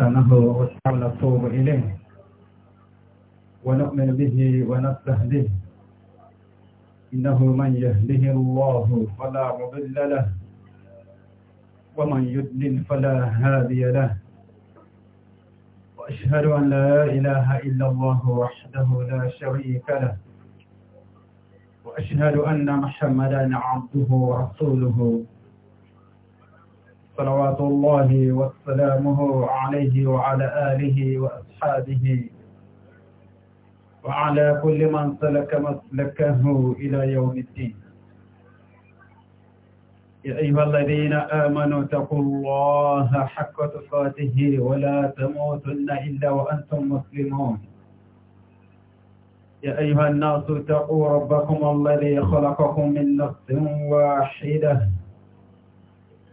أنه أحاول أتوب إليه ونؤمن به ونستهديه إنه من يهده الله فلا مضل له ومن يدلل فلا هادي له وأشهد أن لا إله إلا الله وحده لا شريك له وأشهد أن محمدا عبده ورسوله صلوات الله وسلامه عليه وعلى آله وأصحابه وعلى كل من سلك مسلكه إلى يوم الدين يا أيها الذين آمنوا اتقوا الله حق تقاته ولا تموتن إلا وأنتم مسلمون يا أيها الناس اتقوا ربكم الذي خلقكم من نفس واحده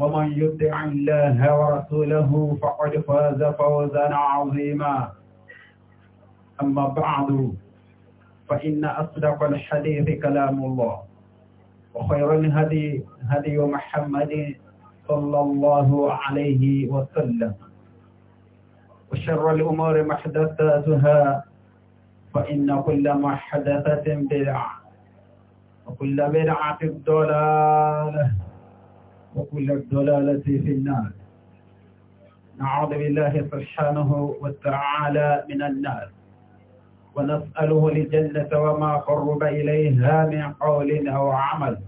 ومن يطع الله ورسوله فقد فاز فوزا عظيما أما بعد فإن أصدق الحديث كلام الله وخير الهدي هدي محمد صلى الله عليه وسلم وشر الأمور محدثاتها فإن كل محدثة بدعة وكل بدعة ضلالة وكل الضلالة في النار نعوذ بالله سبحانه وتعالى من النار ونسأله الجنة وما قرب إليها من قول أو عمل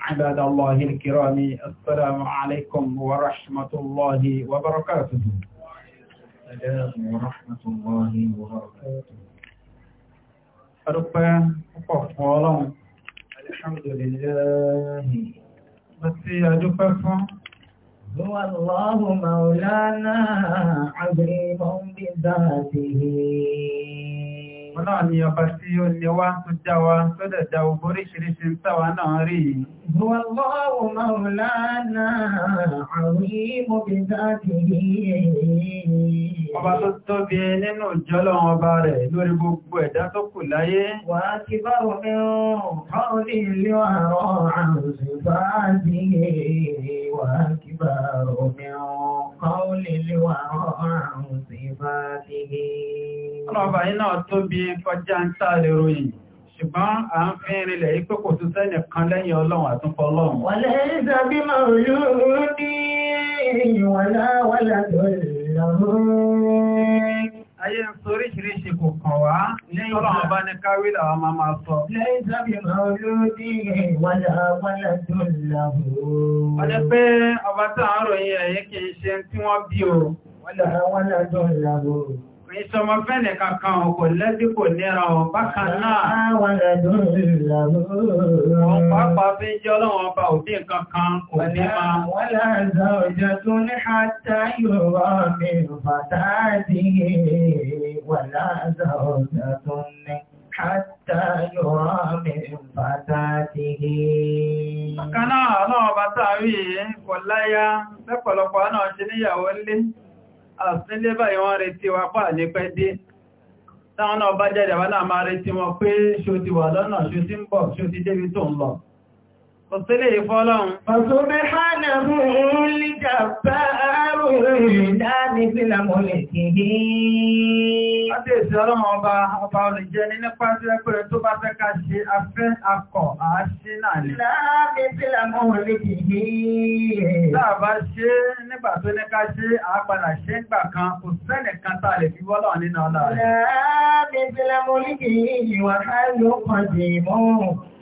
عباد الله الكرام السلام عليكم ورحمة الله وبركاته السلام ورحمة الله وبركاته ربنا أقوى الحمد لله àti àdúpẹ́ fún. Wọ́n wọn náà ni ọba tí ó ní wá tó já wa tó dẹ̀ já ogbó oríṣiríṣi táwa náà rí Ọba tó tóbi nínú ìjọlọ́run ọba rẹ̀ lórí gbogbo ẹ̀dá tó kù láyé. Wà á ti bá omi ọ̀rọ̀ ilé القول الورع صفاته Ọlọ́ba iná tóbi kọjá ń sáàrẹ̀ ròyìn, ṣùgbọ́n a ń fi rinlẹ̀ ipé kò tún sẹ́nì kan lẹ́yìn ọlọ́run àtúnfọ́ ọlọ́run. Wà lẹ́yìn ayé ń sọ oríṣiríṣi kò kàn wá ní ọlọ́run bá ní káwí làwọn máa máa sọ. lẹ́yìn sábì máa lórí ìwàlà wàlà tó làwọ̀. wọ́n ní pé ọba táwọn ròyìn ẹ̀yẹ kì ṣe tí wọ́n bí o. wàlà tó làwọ̀ ní sọmọ fẹ́nẹ̀ kankan ọkọ lẹ́bí kò nẹ́ra wọn bá òdí kankan wọ́n láàrín ọjọ́ tó náà, bá tààrí yìí kò láyá lẹ́pọ̀lọpọ̀ náà ṣe níyàwó lé àsìnlé báyìí wọ́n retí wa pà ní pẹ́ dé táwọn náà bá jẹ́ ìjàwá náà máa retí wọn pé ṣó ti wà lọ́nà ṣó ti ń bọ̀ ṣó ti débi tó ń lọ Òsílẹ̀ ìfọ́lọ́run. Ọ̀tọ́bẹ̀ hánà mú lè jàbá àrùn ìdáni sílà mọ́lẹ̀ kìí. Adéèsì ọlọ́run ọba ọba olùjẹ́ ní nípa tí ẹgbẹ̀rẹ̀ tó bá fẹ́ ká ṣe afẹ́ akọ̀ àáṣí náà ni. Láàbí sílà mọ́lẹ̀ kìí. Láàbá ṣe nígbà tó ní ká ṣe àápadà ṣe ń gbà kan, kò sẹ́nì kan tá lè fi wọ́lọ̀ nínú ọlá rẹ̀. Láàbí sílà mọ́lẹ̀ kìí ìwà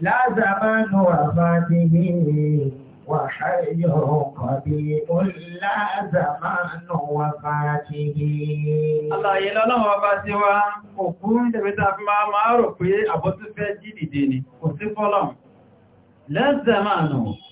لازمان وفاته وحي قديم لازمان وفاته Àlàyé lọ́lọ́wọ́ ọba sí wá, òkú ń tẹ̀fẹ́ tàbí máa máa rò pé àbọ́túfẹ́ jí dìde ni, kò sí fọ́lọ̀mù. Lẹ́zẹ̀mánù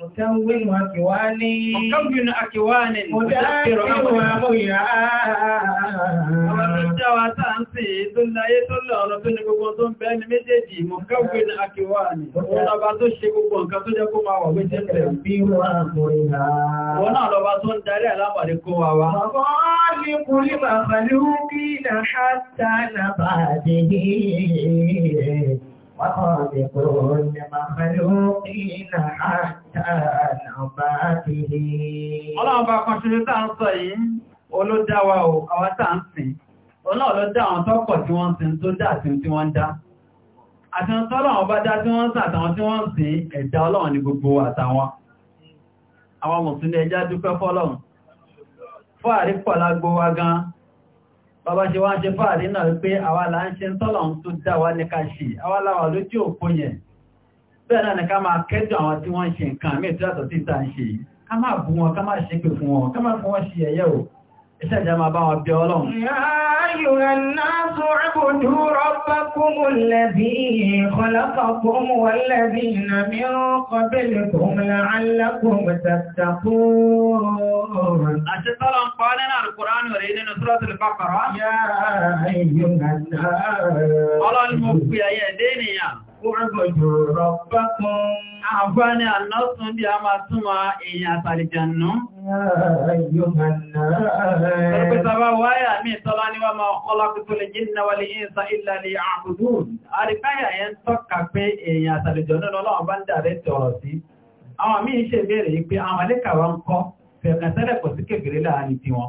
متمول وكوان مكمل أكوان متأكر ومويا ومن جوا تنسيد الله يتولى ربنا قوانتم بين méjèèjì mọ̀kẹ́wìn àkíwà ní òun ọba tó ṣe gbogbo nǹkan tó jẹ́ kó máa wà wé jẹ́ pẹ̀lú bí wọ́n وخالقون مخلوقين حتى نباته ọlọ́run bá kan ṣoṣo tá ń sọ yìí olódáwà ò àwọn tá ń sìn ọlọ́run ló dá àwọn tọ́kọ̀ tí wọ́n sìn tó dá àti tí wọ́n dá àti àwọn tọ́lọ́run bá dá tí wọ́n sìn àtàwọn tí wọ́n sìn ẹ̀dá ọlọ́run ní gbogbo àtàwọn àwọn mùsùlùmí ẹjá dúpẹ́ fọ́lọ́run fọ́ àrípọ̀ lágbó wa gan-an bàbá ṣe wá ń ṣe fàárí náà wípé àwa là ń ṣe ń tọ́lọ̀ ń tó dá wa ní ká ṣe àwa láwà lójú òpó yẹn bẹ́ẹ̀ náà ni ká máa kẹ́dùn àwọn tí wọ́n ṣe nǹkan mí tó yàtọ̀ títa ń ṣe ká máa bú wọn ká máa ṣépè fún wọn ká máa fún wọn ṣe ẹ̀yẹ́ o iṣẹ́ ìjà bá wọn bí ọlọ́run أيها الناس اعبدوا ربكم الذي خلقكم والذين من قبلكم لعلكم تتقون القرآن البقرة يا أيها الناس يا Orúgbòjò rọ̀pá kan. Àfá ni àlọ́sùn bí a máa túnmà èèyàn àtàlìjànú. Ẹgbẹ́ta bá wáyà mí tọ́lá ní wá máa kọ́lákú tó lè jí ní wà lè yí ìsá ìlà lè àbùdó. Àríkáyà ẹ ń tọ́ka pé èèyàn àtàlìjànú lọ́wọ́ bá ń dàrẹ́ tọ̀rọ̀ sí. Àwọn míì ṣe bèèrè pé àwọn alẹ́kàwà ń kọ́ fẹ̀kàtẹ́rẹ̀ pọ̀ sí kékeré láàrin tiwọn.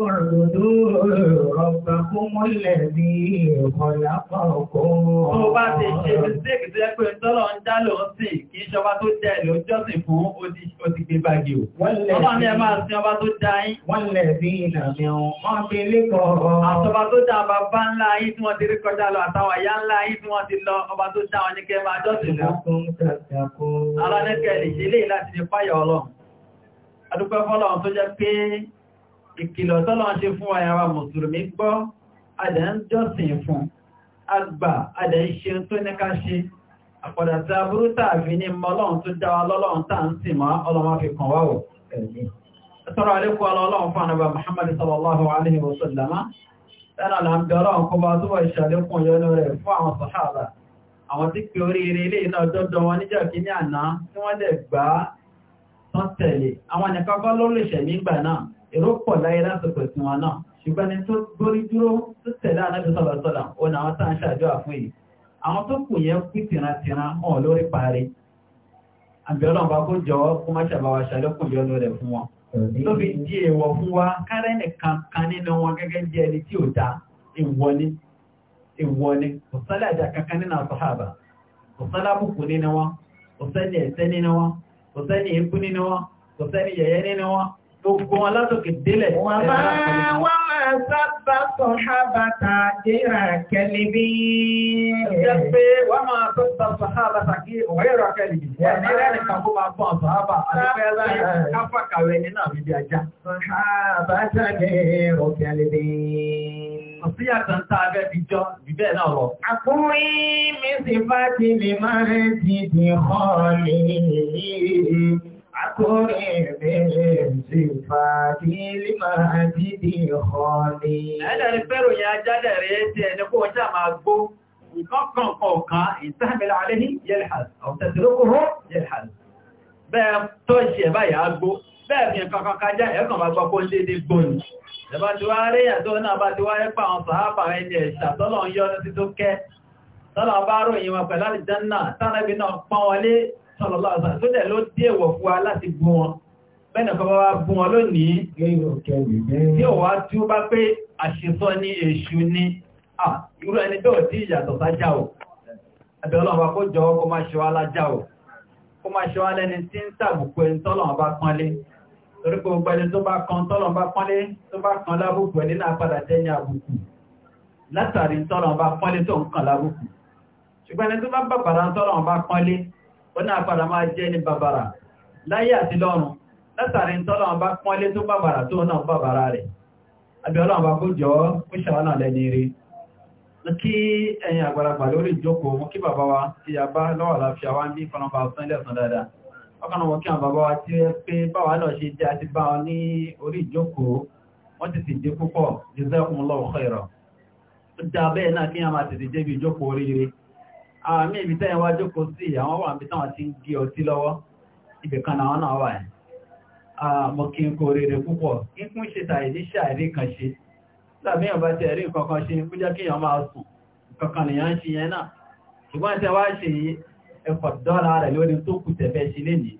Òrùdó rọ̀gbàkúnmú lẹ̀bí ọ̀pọ̀lápọ̀ọ̀kún. Tó bá ti ṣe mistake tó yẹ́ pé tọ́lọ ń dá lọ sí kí ṣọba tó dá ẹ̀lẹ́ ojọ́sìn fún ó ti gbé bági ò. Ọba ní ẹ máa sin ọba tó dá yín. Wọ́n lẹ̀bí ìlànà wọn fi lékọ̀ọ́. Àtọba tó dá bàbá ńlá yín tí wọ́n ti rí kọjá lọ àtàwọn ìyá ńlá yín tí wọ́n ti lọ ọba tó dá wọn ní kẹ́ máa jọ́sìn fún. Alánẹ́kẹ̀ẹ́ lè ṣe lè láti fi fáyọ̀ ọlọ́run. Adúpẹ́ fọ́lọ́run tó jẹ́ pé ìkìlọ̀ tọ́lọ ṣe fún àyàwà mùsùlùmí gbọ́ adẹ̀ ń jọ́sìn fún agbà adẹ̀ ń ṣe tó ní ká ṣe àpọ̀dàtà burúta àfi ní mọ́lọ́run tó dáwà lọ́lọ́run tàà ń sì máa ọlọ́mà fi kàn wáwọ̀ Assalamu alaykum ọlọ́run wa sallama tẹ́nà làmdẹ́ ọlọ́run kọba túbọ̀ ìṣàlékún yọnú rẹ̀ fún àwọn sàhábà àwọn tí pé tán tẹ̀lé àwọn nìkan kọ́ ló náà èrò pọ̀ láyé lásìkò ìsìn wọn náà ṣùgbọ́n ni tó gbórí dúró tó tẹ̀lé ànábì ọ ó àwọn fún yìí àwọn tó kù yẹn kú tìrantìran hàn lórí parí kó kó má ṣàbáwá yọnu rẹ̀ fún wọn tó fi di èèwọ̀ fún wa kárẹ́ nìkan kan nínú kò sẹ́ni èébú nínú wọn kò sẹ́ni yẹ̀yẹ́ nínú wọn Gbogbo wọn látòkè délẹ̀. Wọ́n máa wọ́n máa sábà sọ ṣábàtà ìrà kẹlìbí. Jẹ́ pé wọ́n máa tó sọ ṣábàtà kí òwúrọ̀ kẹlìbí. Wọ́n ní rẹ̀rìn kan kó máa bọ́ ọ̀sọ̀ ábà. Àdúgbẹ́ láyé káfà kàwé nínú Ọ̀sí yàtọ̀ ń tàà jù bẹ́ẹ̀ náà lọ. Àkúrí mi sì bá أكرم بصفاتي لمجد خالي أنا رفيرو يا جادة ريتي نكو جامع بو وكان قوقا يستحمل عليه يلحد أو تتركه يلحد bẹ́ẹ̀ tó ṣe báyìí agbó bẹ́ẹ̀ fi kankan kájá ẹ̀kàn bá gbọ́ kó ń dédé gbóni ẹ̀bá ti wá rí ẹ̀tọ́ náà bá sallallahu alaihi wasallam tó dẹ̀ ló dé èwọ̀ fún wa láti gún o àbẹ̀ ọlọ́ọ̀bá kó jọ kó má ṣe wá lájá o kó má ṣe wá lẹ́ni tí ń tàbùkù ẹni tọ́lọ̀wọ́n bá pọ́nlé torí pé gbogbo ẹni tó bá kan tọ́lọ̀wọ́n bá pọ́nlé tó bá kan lábùkù ẹni náà padà jẹ́ ní àbùkù látàrí tọ́lọ̀wọ́n bá pọ́nlé tó ń kan lábùkù ṣùgbọ́n ẹni tó ó náà padà máa jẹ́ ní bàbàrà láyé àti lọ́run látàrí tọ́lọ́wọ́n bá pọ́nlé tó bàbàrà tó náà bàbàrà rẹ̀ àbí ọlọ́wọ́n bá kó jọ kó ṣàwọ́nà lẹ́ni rí kí ẹ̀yin àgbàlagbà lórí ìjókòó mú kí bàbá wa ti yàbá lọ́wọ́ láfíà wá ń bí kọ́nàbà sánlẹ̀ sàn dáadáa ọkànà wọn kí àwọn bàbá wa tí ó pé báwa náà oríire àmì ah, ibi tẹ́yẹ wá jókòó sí àwọn wà níbi táwọn ti ń gí ọtí lọ́wọ́ ibìkan àwọn náà wà ẹ̀ ah, mọ̀ kí n kò rèrè púpọ̀ kí kún ṣe tàì ní ṣàìrí kan ṣe láàbí ọba ti ẹ̀rí kankan ṣe ní kújá kí ọmọ sùn kankan nìyàn ń ṣe yẹn náà ṣùgbọ́n tẹ wá ṣe ẹ̀kọ́ dọ́là rẹ̀ lórí tó kù tẹ̀fẹ́ ṣe lénìí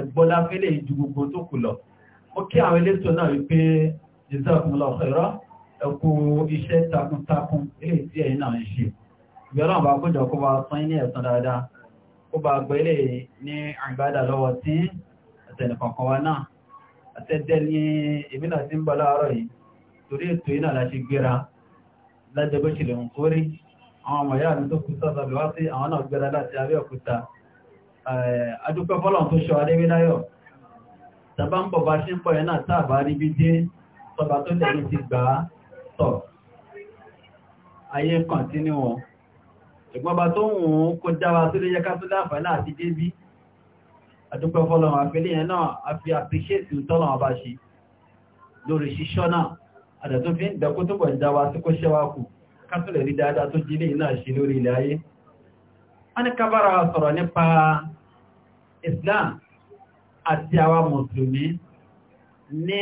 ẹgbọ́lá fẹ́lẹ̀ ju gbogbo tó kù lọ ó kí àwọn elétò náà wípé jesus mọlọkọ̀ọ́rọ́ ẹ̀kú iṣẹ́ takuntakun eléyìí tí ẹ̀yin náà ń ṣe bẹ̀rọ̀ bá kójọ kó bá sán ní ẹ̀sán dáadáa kó bá gbẹ̀lẹ̀ ní àgbádà lọ́wọ́ tí ẹ̀tẹ̀nìkọ̀kan wa náà àtẹ́tẹ́ ní ìmìnà tí ń bọ̀ láàárọ̀ yìí torí ètò iná láti gbéra lájẹ́bẹ́ ṣìlẹ̀ ń kórí àwọn ọmọ yáà ní tó kú sọ́sọ́ bí wá sí àwọn náà gbéra láti Abẹ́òkúta adúpẹ́ fọ́lọ̀n tó ṣọ́ ṣùgbọ́n bá tó wùn kó dáwà tó lè yẹká tó láàfà náà ti dé bí àdúgbẹ́ fọ́lọ̀wọ̀n àfẹ́lẹ̀ yẹn náà a fi àpíṣẹ́tì tọ́lọ̀ ọba ṣe lórí ṣíṣọ́ náà àdàtún fi ń dẹ̀kú tó bọ̀ dáwà tó kó ṣẹ́wà kù kátólẹ̀ rí dáadáa tó Islam àti àwa mùsùlùmí ní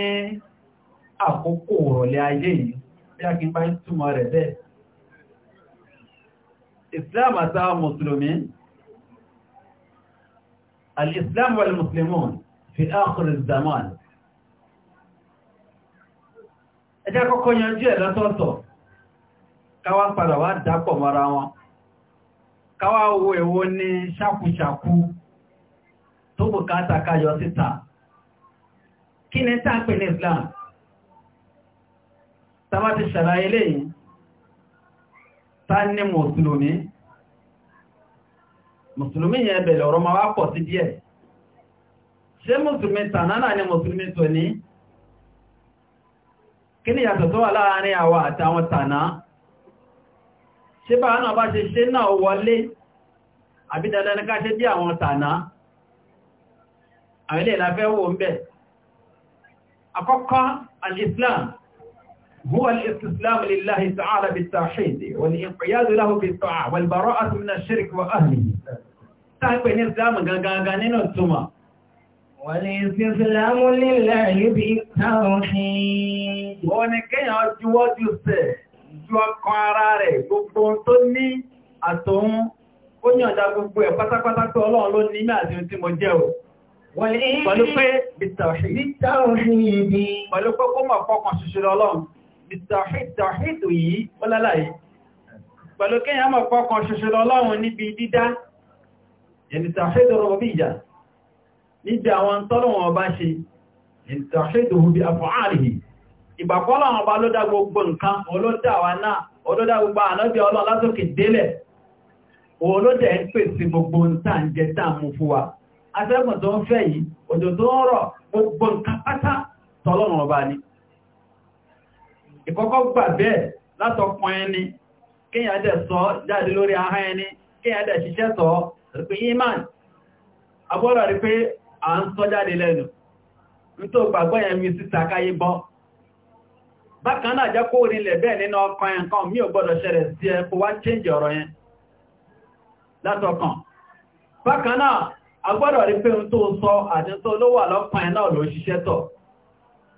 àkókò òrọ̀lẹ̀ ayé yìí bí islam àtàwọn mùsùlùmí al-islam wal-muslimun fi akhir zaman ẹjẹ́ kọ́kọ́ yanjú ẹ̀ lọ́tọ̀ọ̀tọ̀ káwà padà wá dápọ̀ mara wọn káwà owó èwo ní ṣàkúṣàkú tó bùkátà káyọ síta kí ni tàpín islam tàbátí ṣàlàyé lẹ́yìn tá ní mùsùlùmí mùsùlùmí yẹn bẹ̀rẹ̀ ọ̀rọ̀ ma wá pọ̀ sí díẹ̀ ṣé mùsùlùmí tànánà ni mùsùlùmí tò ní kí ni yàtọ̀ tó wà láàárín àwa àtàwọn tàná ṣé bá náà bá ṣe ṣe náà wọlé àbí dandan ní ká ṣe bí àwọn tàná àwọn ilé ìlàfẹ́ wò bẹ̀ والإنقياد له في الطاعة والبراءة من الشرك وأهله تحقق الإسلام غانغانين التما والاستسلام لله بالتوحيد ونكي أجوى جسد جوى قرارة gbogbo tó ní àtòun ó ní ọ̀dá gbogbo ẹ̀ pátápátá tó ọlọ́run ló ní mẹ́ àti tí mo jẹ́ o pẹ̀lú pé bitawhid pẹ̀lú pé kó mọ̀ fọ́kàn ṣoṣo lọ́lọ́run bitawhid tawhid yìí ó lálàyé pẹ̀lú kíyàn mọ̀ pọ́kan ṣoṣo lọ́lọ́run níbi dídá ìrìntàṣẹ́dọ̀ rọ̀bíyà níbi àwọn tọ́lọ̀wọ̀n ọba ṣe ìrìntàṣẹ́dọ̀ bí àfọ́àrìhì ìgbàkọ́lọ̀wọ̀n ọba ló dá gbogbo nǹkan olódá wa náà olódá gbogbo ànábí ọlọ́run látòkè délẹ̀ olódẹ̀ ń pèsè gbogbo nǹkan jẹ dáàmú fún ìkọ́kọ́ gbà bẹ́ẹ̀ látọkùn ẹni kíyàn sọ jáde lórí ahá ẹni kíyàn dẹ̀ ṣiṣẹ́ sọ rípe iman agbọ́rọ̀ rí pé a ń sọ jáde lẹ́nu nítò gbàgbọ́ yẹn mi sí takáyé bọ́ Bákanáà jẹ́ kó rí lẹ̀ bẹ́ẹ̀ nínú ọkàn yẹn kan mí ò gbọ́dọ̀ ṣẹlẹ̀ sí sọ àti tó ló wà lọ́kàn náà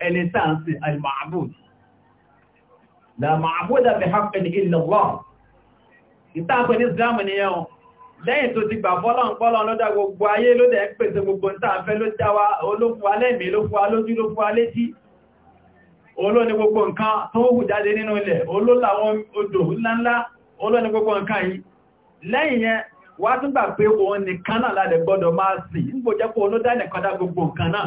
ẹni táàsì al-ma'bud la ma'buda bi haqqin illa Allah ìtàpẹ̀ ní islam ni ẹ̀hùn lẹ́yìn tó ti gbà fọ́lọ́n pọ́lọ́n ló dá gbogbo ayé ló dẹ̀ ń pèsè gbogbo ìtàfẹ́ ló dáwà olófúwa lẹ́mí olófúwa lójú olófúwa létí olóni gbogbo nǹkan tó hù jáde nínú ilẹ̀ olólàwọn odò ńláńlá olóni gbogbo nǹkan yìí lẹ́yìn yẹn wá tún gbà pé òun nìkan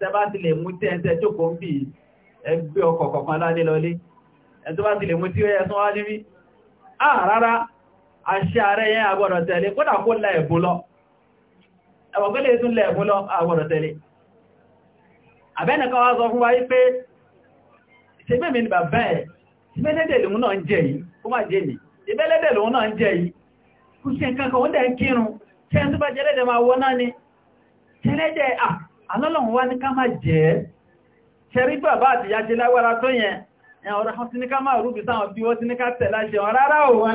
tẹ́bá ti lè mú tí ẹ̀ntẹ́ jókò ń bí ẹgbẹ́ ọkọ̀ kọ̀kan láti lọlé ẹ̀ntọ́ ti lè mú tí ó yẹ tán wá níbi ah rárá àṣẹ ààrẹ yẹn agbọ́dọ̀ tẹ̀lé kódà kó la ẹ̀bùn lọ ẹ̀wọ̀gbẹ́lẹ̀ tún la ẹ̀bùn lọ agbọ́dọ̀ tẹ̀lé àbẹ́nìkan wá sọ fún wa pé ṣe mẹ́mí ni bàbá ẹ̀ ìbẹ́lẹ́dẹ̀ lòun náà ń jẹ yìí kó má jẹ́ mi ìbẹ́lẹ́dẹ̀ nǹkan kan ó dẹ̀ kírun ṣe ń tó jẹ́lẹ́dẹ̀ máa wọ́n náà ni jẹ́lẹ́dẹ̀ ah alọ́lọ́run wá ní ká máa jẹ́ ṣẹ̀rí bàbá àti ìyá jẹ́ lágbára tó yẹn ẹ̀yàn ọ̀rọ̀ ti ní ká máa rúbi sáwọn bí wọ́n ti ní ká tẹ̀lá jẹun rárá ò wọ́n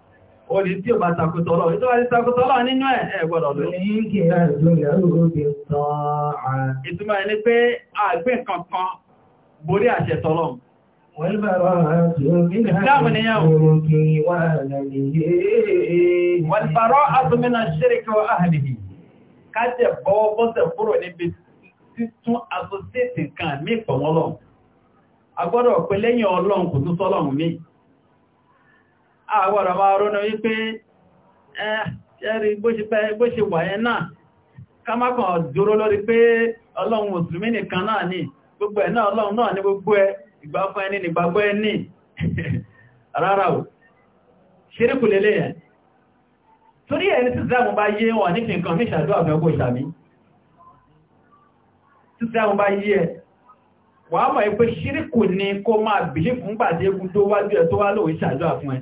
orí tí o bá takòtò ọlọ́run bá ti nínú ẹ̀ ẹgbọ́dọ̀ ló ìtumọ̀ ẹni pé àgbẹ̀ kankan borí àṣẹ tọ́lọ́run wàlbàrọ́ bọ́wọ́ bọ́sẹ̀ kúrò níbi títún asosiétì kan mí ọlọ́run kò sọ́lọ́run mí àwọ̀rọ̀ máa ronú wípé ẹ̀rí bó ṣe wàyẹ náà ká má kàn dúró lórí pé ọlọ́run mùsùlùmí nìkan náà ni gbogbo ẹ̀ náà ọlọ́run náà ní gbogbo ẹ ìgbà fún ẹni nígbàgbọ́ ẹni rárá o ṣíríkù lélẹ̀ ẹ̀ torí ẹni tí ìsìlámù bá yé wọn ní kìnkan ní ìṣàdó àfẹ́kò ìṣàmí tí ìsìlámù bá yé ẹ wàá mọ̀ ẹ pé ṣíríkù ni kó máa bìlí fún gbàdégún tó wájú ẹ tó wá lóò ìṣàdó àfún ẹ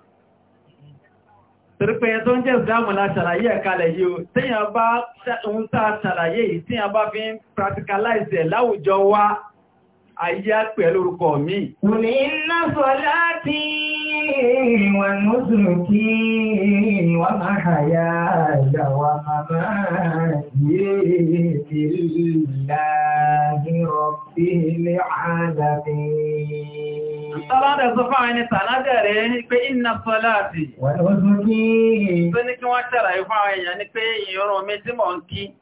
torípé ẹ tó ń jẹ́ ìsìlámù la ṣàlàyé ẹ̀kalẹ̀ yìí o tíyàn bá ń tà ṣàlàyé yìí tíyàn bá fi ń practicalize ẹ̀ láwùjọ wa ayé pẹ̀ lórúkọ mi. Wùlé iná sọ Tọ́lọ́dẹ̀ sọ fún àwọn ẹni tànádẹ̀ rẹ̀ pé iná sọ́láàtì. Wọ́n ló sún kí. Tó ní kí wọ́n ṣàlàyé fún mi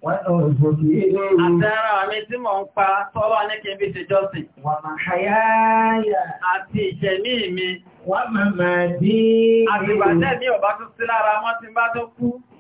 Wọ́n ló sún kí. Àtẹ́ra mi tí mò ń pa tọ́lọ́ ní kí n bí ṣe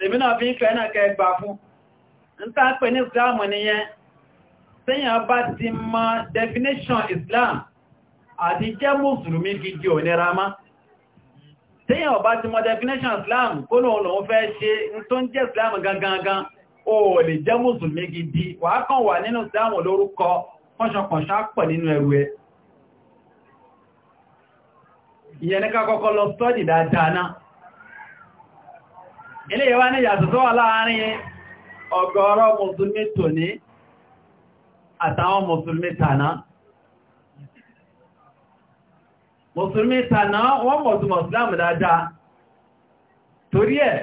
lèmi náà fi ń fẹ́ náà kẹgbà fún ń tá pẹ̀ ní islam nìyẹn tẹ́yàn bá ti mọ definition islam àti jẹ́ mùsùlùmí gidi ònira má tẹ́yàn bá ti mọ definition islam kó lóun lòun fẹ́ ṣe ń tó ń jẹ́ islam gangan o lè jẹ́ mùsùlùmí gidi wà á kàn wà nínú islam lórúkọ kọ́ṣọkọ̀ṣá pọ̀ nínú ẹrù ẹ ìyẹn ní ká kọ́kọ́ lọ sọ́dì dáadáa náà ilé ìwá ní yàtọ̀ tó wà láàárín ọ̀gọ̀rọ̀ mùsùlùmí tòní àtàwọn mùsùlùmí tàná mùsùlùmí tàná wọ́n mọ̀ sí mọ̀sílámù dáadáa torí ẹ̀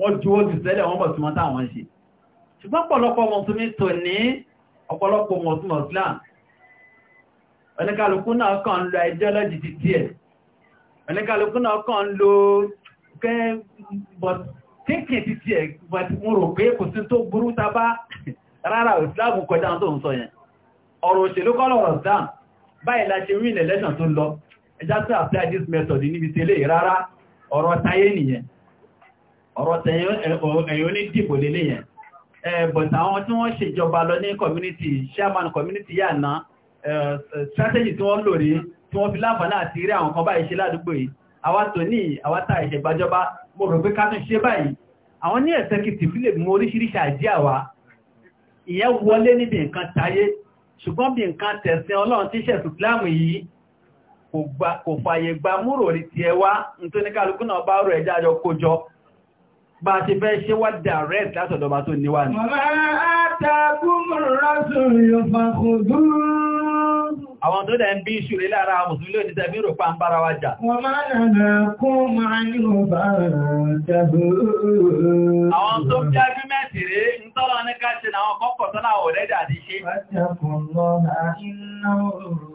wọ́n juwó jù sẹ́lẹ̀ wọ́n mọ̀ sí mọ́ táwọn ṣe ṣùgbọ́n ọ̀pọ̀lọpọ̀ mùsùlùmí tòní ọ̀pọ̀lọpọ̀ mọ̀sílámù oníkàlùkù náà kàn ń lo ti díẹ̀ oníkàlùkù náà kàn ń lo kẹ́ kéèkèé ti ti ẹ̀ mo rò pé kò sí tó burú ta bá rárá ìsìláàmù kọjá tó ń sọ yẹn ọ̀rọ̀ òṣèlú kọ́ lọ̀rọ̀ islam báyìí la ṣe win election tó lọ ẹjá sí apply this method níbi tẹ́lẹ̀ rárá ọ̀rọ̀ tayé nìyẹn ọ̀rọ̀ ẹ̀yọ́ ní dìbò lélẹ̀ yẹn but àwọn tí wọ́n community chairman community yà ná strategy tí wọ́n lò rí tí wọ́n fi láǹfààní àti rí àwọn àwa tó ní àwátà ìṣẹ̀gbàjọba mo rò pé kánú ṣe báyìí àwọn ní ẹ̀sẹ̀ kìtì fílẹ̀ mú oríṣiríṣi àjẹ́ ìyẹn wọlé níbi nǹkan tayé ṣùgbọ́n bí nǹkan tẹ̀sìn ọlọ́run tí ṣẹ̀sù Islam yìí kò àwọn tó dẹ̀ ń bí ìṣúrí lára mùsùlùmí lónìí tẹ́bí rò pàá bára wa jà. wọ́n máa nànà kún máa ní ọba jàbó. àwọn tó àwọn kọ́kọ̀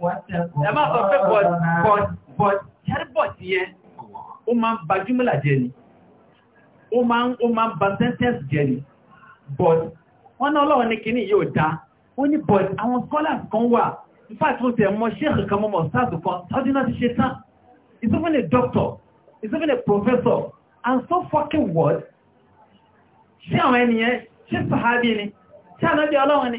ẹ máa sọ pé bọ̀t jẹ́rìbọ̀t yẹn ó máa ń ba jùmọ̀là jẹ́ ni ó máa ń ba sẹ́ńtẹ́ǹsì jẹ́ ni bọ̀t wọ́n náà lọ́wọ́ ní kíní yóò dá ó ní bọ̀t àwọn scholars kan wà nípàtí ó ti kan mọ́mọ́ sáàtù kan tọ́jú náà ti ṣe tán it's even a doctor it's even a professor and so fucking word. ṣé àwọn ènìyàn ṣé sàhábì ni ṣé ànábì ọlọ́wọ́ ni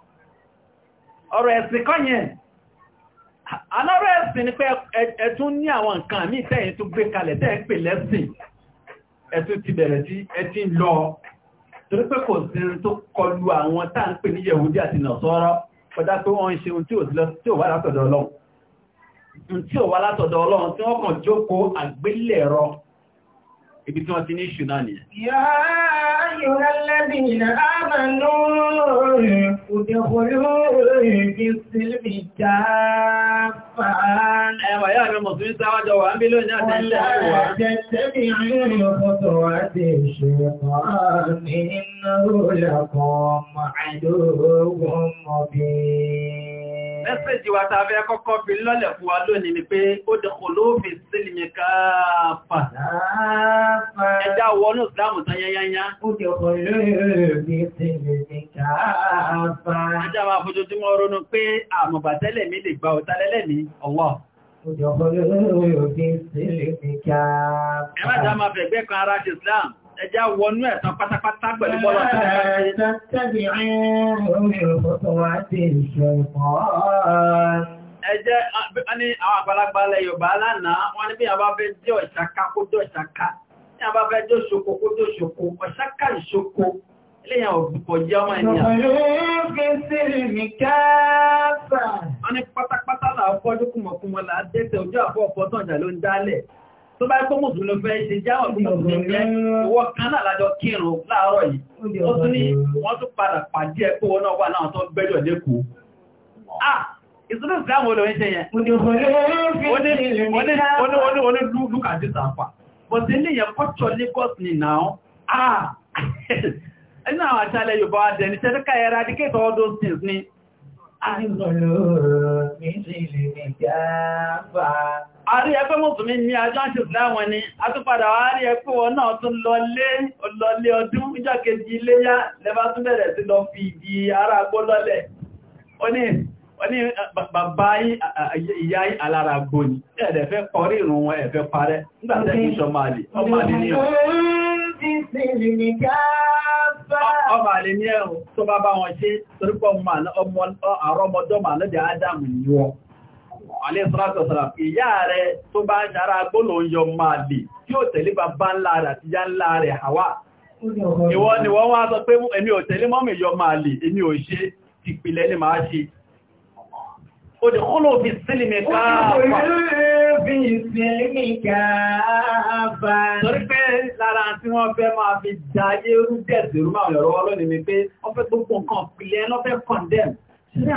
ọ̀rọ̀ ẹ̀sìn kọ́ yẹn alọ́rọ̀ ẹ̀sìn ni pé ẹ̀tún ní àwọn nǹkan mí tẹ́yìn tó gbé kalẹ̀ tẹ́yìn pè lẹ́sìn ẹ̀tún ti bẹ̀rẹ̀ tí ẹtí ń lọ torí pé kò sí tó kọlu àwọn tá ń pè ní Yẹhudi àti Nasara kọjá pé wọ́n ń ṣe ohun tí ò wá látọ̀dọ̀ Ọlọ́run tí ò wá látọ̀dọ̀ Ọlọ́run tí wọ́n kàn jókòó àgbélẹ̀rọ ibi tí wọ́n ti ní ìṣù náà nìyẹn أيها الذين آمنوا ادخلوا في السلم كافة ويا المسلمين سواجه وأنبلوا ولا تتبعوا خطوات الشيطان إنه لكم عدو مبين mẹ́sẹ̀jì wa ta fẹ́ kọ́kọ́ fi lọ́lẹ̀ fún wa lónìí ni pé ó dẹ̀kọ̀ ló fi sílìmì káàpà ẹjá wọnú ìsìlámù tán yányányá ó dẹ̀kọ̀ ló fi sílìmì káàpà ẹjá wa fojoojúmọ́ ronú pé àmọ̀gbàtẹ́lẹ̀ ẹjá wọnú ẹ̀tàn pátápátá pẹ̀lú bọ́lá Ẹjẹ́ ní àwọn àgbàlagbà ilẹ̀ Yorùbá lánàá, wọ́n ní bí a bá fẹ́ jẹ́ ọ̀ṣàká kó jẹ́ ọ̀ṣàká, ní a bá fẹ́ jẹ́ òṣòkó kó jẹ́ òṣòkó, ọ̀ṣàká ìṣòkó, iléyàn ọ̀pọ̀ jẹ́ ọmọ ènìyàn. Wọ́n ní pátápátá làá tó bá kó mùsùlùmí fẹ́ ṣe jáwọ̀ fún mùsùlùmí ẹ́ ìwọ kan náà lájọ kírun láàárọ̀ yìí ó tún ní wọ́n tún padà pàdé ẹ̀kọ́ wọn náà wà náà tó gbẹ́jọ̀ lẹ́kọ̀ọ́ ah but ilé yẹn kọ́tọ̀ Lagos ni ah ẹni àwọn àṣálẹ̀ Yorùbá wa dẹni tẹ́lẹ̀ ká eradicate all those things mi sì lè mi gáfà àrí ẹgbẹ́ mùsùlùmí ní ajọ́ ṣe láwọn ni a tún padà wá rí ẹkùn wọn náà tún lọlé ọlọlé ọdún ìjọ kejì iléyá lẹba tún bẹ̀rẹ̀ sí lọ fi ìdí ara agbó lọ́lẹ̀ oní bàbá ìyá alára agbó ni ẹ̀ẹ̀dẹ̀ kọrí ìrùn wọn ẹ̀fẹ́ parẹ́ nígbàtẹ́ alẹ́sọ́rọ̀sọ̀rọ̀ ìyá rẹ̀ tó bá ń máa lè tí ó tẹ̀lé bàbá ńlá rẹ̀ àti yá ńlá rẹ̀ àwá ìwọ ni wọ́n wá sọ pé lára tí wọ́n fẹ́ máa fi dáyé rú dẹ̀sì rú máa mi pé wọ́n fẹ́ gbogbo nǹkan pìlẹ̀ lọ́fẹ́ condemn. Ṣé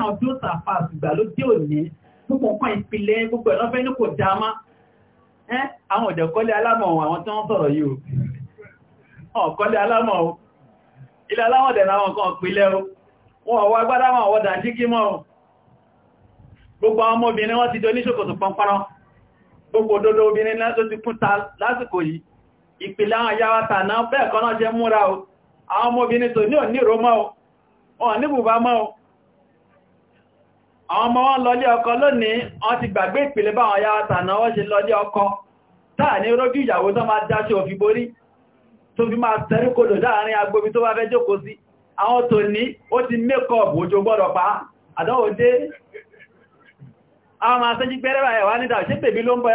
gbogbo nǹkan ìpìlẹ̀ gbogbo ẹ̀ lọ́fẹ́ ní kò dáma àwọn òdẹ̀kọ́lé alámọ̀ àwọn tí wọ́n sọ̀rọ̀ yìí o ọ̀kọ́lé alámọ̀ o ilẹ̀ aláwọ̀dẹ̀ láwọn kan pìlẹ̀ o wọ́n wá gbádá wọn wọ́dà díkí mọ́ o gbogbo àwọn ọmọbìnrin wọ́n ti jọ níṣòkòtò pọnpọ́rán gbogbo òdodo obìnrin ló ti kúta lásìkò yìí ìpìlẹ̀ àwọn yáwá tàná bẹ́ẹ̀ kan o àwọn ọmọbìnrin tò ní òní ìró mọ́ o wọn ní bùbá àwọn ọmọ wọn lọlé ọkọ lónìí wọ́n ti gbàgbé ìpìlẹ̀ bá wọn yára tànà wọ́n ṣe lọlé ọkọ táà ní rójú ìyàwó tó máa dáṣe òfin borí tó fi máa tẹ́rí kodò láàrin agbobi tó bá fẹ́ jókòó sí àwọn tó ní ó ti makeup òjò gbọ́dọ̀ pa àdánwò dé àwọn máa sẹ́jí gbẹ́rẹ́rà ẹ̀wà nídà ṣe pèbí ló ń bọ́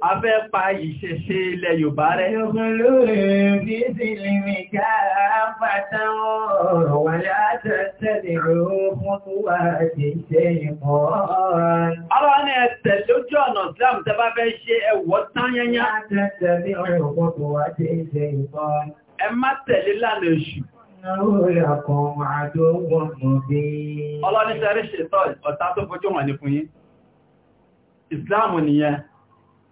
afẹ́ pa ìṣẹ̀ṣe ilẹ̀ Yorùbá rẹ̀. Yorùbá lórí bí sí lè mi ká àpàtà ọ̀rọ̀ wà látẹ̀tẹ̀lẹ̀ fún wa jẹ́ ìmọ̀. Ọlọ́ ní ẹ̀tẹ̀ lójú ọ̀nà Islam tẹ́ bá fẹ́ ṣe ẹ̀wọ̀ tán yẹnyá. Látẹ̀tẹ̀lẹ̀ ọ̀rọ̀ fún wa jẹ́ ìmọ̀. Ẹ má tẹ̀lé lánàá èṣù. Ọlọ́ni sẹ́rí ṣètọ́ ọ̀tá tó fojú wọn ní fún yín. Ìsìláàmù nìyẹn.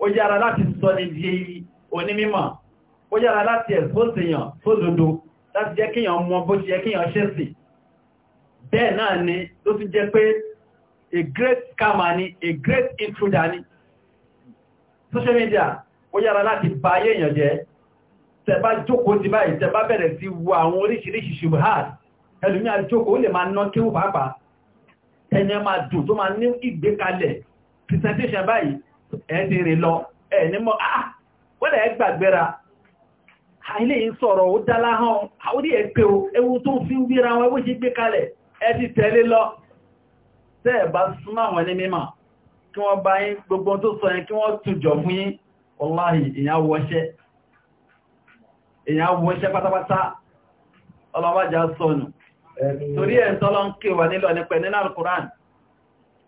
ó yára láti sọ ní di onímímọ̀ ó yára láti ẹ̀sọ́sèyàn tó dodo láti jẹ́ kíyàn mọ bó ṣe kíyàn ṣe bẹ́ẹ̀ náà ni ló tún jẹ́ pé a great scammer ni a great intruder ni social media ó yára láti bà ayé èèyàn jẹ́ tẹ́ bá jókòó ti báyìí tẹ́ bá bẹ̀rẹ̀ sí wo àwọn oríṣiríṣi ṣubuhad ẹlùmí àjókòó lè máa ná presentation báyìí ẹ̀ lọ e ní mọ́ ah, ah wọ́n lẹ̀ Ha ilé yìí sọ̀rọ̀ ó dálá hàn àwọn ẹ̀ o ewu tó fi ń wíra wọn wọ́n gbé kalẹ̀ ti tẹ̀lé lọ tẹ́ bá súnmọ́ àwọn ẹni mímọ̀ kí wọ́n bá yín gbogbo tó sọ yẹn kí wọ́n fún yín ọláhì torí ń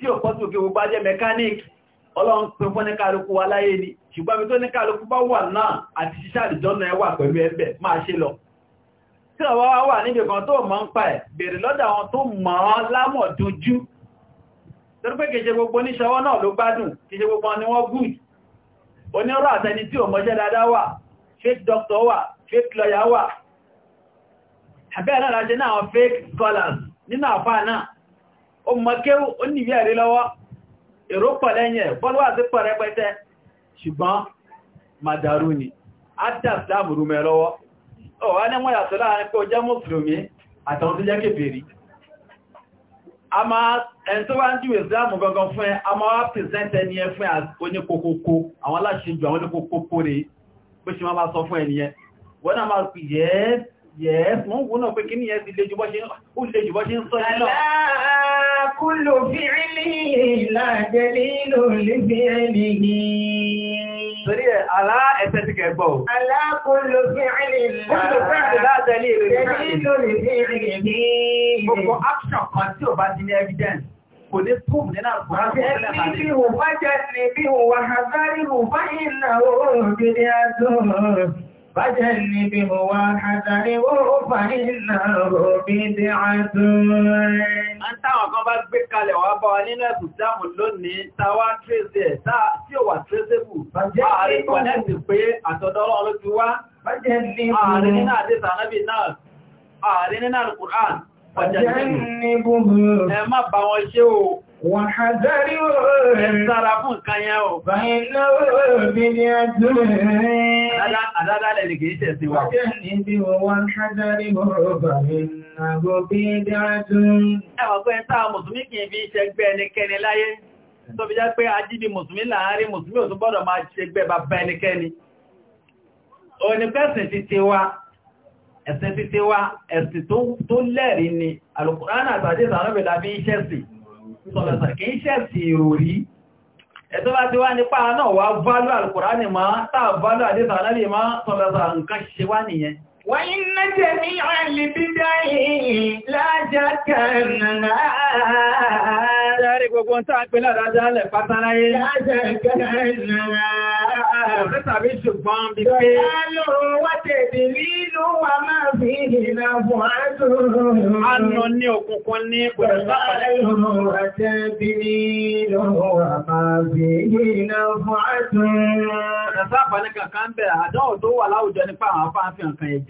tí ò pọ́sí òkè gbogbo ajẹ́ mẹkáníkì ọlọ́run pín fún ni ṣùgbọ́n mi tó ní bá wà náà àti ṣíṣà àdìjọ́nà ẹwà pẹ̀lú ẹgbẹ̀ máa ṣe lọ tí ọwọ́ wà níbi kan tó mọ́ ń pa ẹ̀ bèèrè lọ́dọ̀ àwọn tó mọ̀ ọ́ lámọ̀ dojú torí gbogbo oníṣọwọ́ náà ló gbádùn ṣe gbogbo ni wọ́n gùn àtẹni tí ò dáadáa wà fake doctor wà fake lawyer wà àbẹ́ẹ̀ O mọ́kéwò ó nìwé ẹ̀rí lọ́wọ́ èrò pọ̀ lẹ́yìn ẹ̀ bọ́lúwà sí pọ̀ rẹpẹtẹ ṣùgbọ́n màdàrú ni adàsílámù rúmẹ lọ́wọ́ ó wá ní wọ́n yàtọ̀ láàrin pé ó jẹ́ mùsùlùmí àtàwọn tó jẹ́ kèfèrí a máa ẹni tó bá ń jùwé ìsìlámù gangan fún ẹ a máa wá pìsẹ́ntẹ ní ẹ fún oníkókókó àwọn aláṣejù àwọn oníkókókó rẹ̀ bó ṣe máa sọ fún ẹniyẹn wọ́n náà máa pìyẹ́ Yes, mo ń wo náà pé kí ní ẹ ti lè jù bọ́ ṣe ń sọ ìlọ. Aláàkúlò fi rílì ìlàjẹ̀lì ló lè fi rílì ní. Torí ẹ̀, alá ẹ̀fẹ́ ti kẹgbọ́. Aláàkúlò fi rílì ìlàjẹ̀lì ló lè fi rílì ní. Gbogbo action kan tí ò bá ti ní evidence kò ní fún nínú àkùnrin àkùnrin àti bí wọ́n bá jẹ́ ní bí wọ́n wà فجنبه وحذره فإنه بدعة Àtàwọn kan bá gbé kalẹ̀ wá bá wa nínú ẹ̀sùn dámù lónìí, tàwà tírèsì ẹ̀ tí ó wà tírèsìbù, ààrẹ kọ̀lẹ́sì pé àtọ̀dọ́rọ̀ olójú wá, ààrẹ nínú àdísà náàbì náà, ààrẹ nínú àrùkùnrán, ọjà Wọ́n àjárí oòrùn sára fún nǹkan yẹn ò. Báyìí lọ́wọ́ bí ní ẹjọ́ rẹ̀. Àdádálẹ̀ lè kìí tẹ̀sí wa. Ọjọ́ níbi wọ́n àjárí oòrùn báyìí nàgbò bí ní ẹjọ́. Ẹwà pé táà Mùsùlùmí kìí fi ṣẹgbẹ́ ẹnikẹ́ni láyé. Tó fi já pé ajídi Mùsùlùmí láàárín Mùsùlùmí ò tún gbọ́dọ̀ máa ṣẹgbẹ́ bàbá ẹnikẹ́ni. Òní pẹ́sìn ti ti wa ẹ̀sìn ti ti wa ẹ̀sìn tó lẹ́rìí ni Àlùkùránì àtàdé ìsànlọ́bẹ̀dà bí iṣẹ́ sí sọ̀rọ̀sọ̀ kìí ṣẹ̀sì ìròrí ẹ̀tọ́ bá ti wá nípa náà wá válù alkùránì máa tàà válù àdísà náà lè máa sọ̀rọ̀sọ̀ nǹkan ṣe wá nìyẹn وإن جميع البدع لا شك أنها Dárí gbogbo ń tàà pínlẹ̀ àdájálẹ̀ pátáláyé. Láàrín tàbí ṣùgbọ́n bí pé. Lọ́lọ́ wá tèbí lílú wa máa fi ìrìnà fún àádùn. A nọ ní òkùnkùn ní pẹ̀lú Lọ́lọ́ wá tèbí lílú wa máa fi ìrìnà fún àádùn. Ẹ̀sá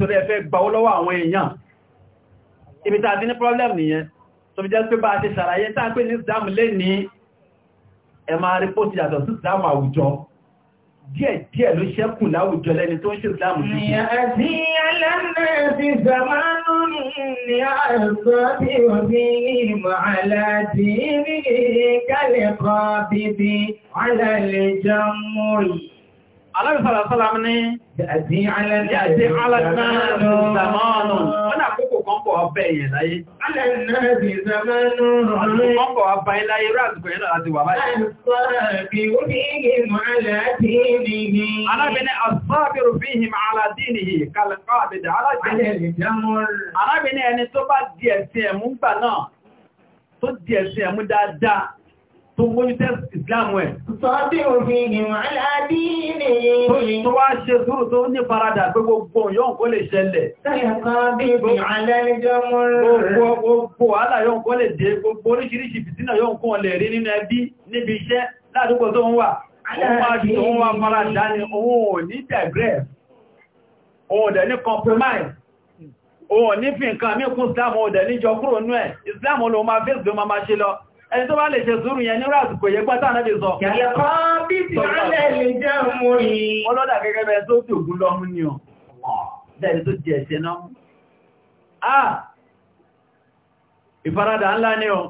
torí ẹ fẹ́ gbà ó lọ́wọ́ àwọn èèyàn ibi tàbí ní problem nìyẹn tó fi jẹ́ pé bá ti ṣàlàyé tàà pé ní islam lè ní ẹ máa rí sí islam àwùjọ díẹ̀ ló ṣẹ́kù láwùjọ lẹ́ni tó ń ṣe islam jù Alábìsára sọ́lám ní àti alẹ́nàájú zamanu. Wọ́n àkókò kan bọ̀ ọbẹ̀ èèyàn láyé. Alẹ́nàájú zamanu. Àkókò kan bọ̀ ọbẹ̀ èèyàn láyé rú àtìkò yẹn láti wà báyìí. Alábìnrin asábìrù fi hìm aládìnìhì kàlẹ̀kọ́ àbìdà alábìnrin. Alábìnrin ẹni tó bá díẹ̀ sí ẹ̀mú gbà náà, tó díẹ̀ sí ẹ̀mú dáadáa tó ń bójú tẹ́ ìsìláàmù ẹ̀. Sọ́bí òfin ìwọ̀n aládí ní èyí. Tó wá ṣe sùúrù tó ní faradà pé gbogbo yóò kó lè ṣẹlẹ̀. Gbogbo wàhálà yóò kó lè dé gbogbo oríṣiríṣi fìtínà yóò kó lè rí nínú ẹbí níbi iṣẹ́ ládùúgbò tó ń wà. Òun máa ṣe òun wà faradà ni òun ò ní digress. Òun ò dẹ̀ ló máa máa ṣe lọ ẹni tó bá lè ṣe zúrù yẹn nírò àsìkò yẹ pátá náà lè sọ yàlẹ̀kọ́ bí ti rálẹ̀ lè jẹ́ mú rí náà ah ìfaradà ńlá ní ọ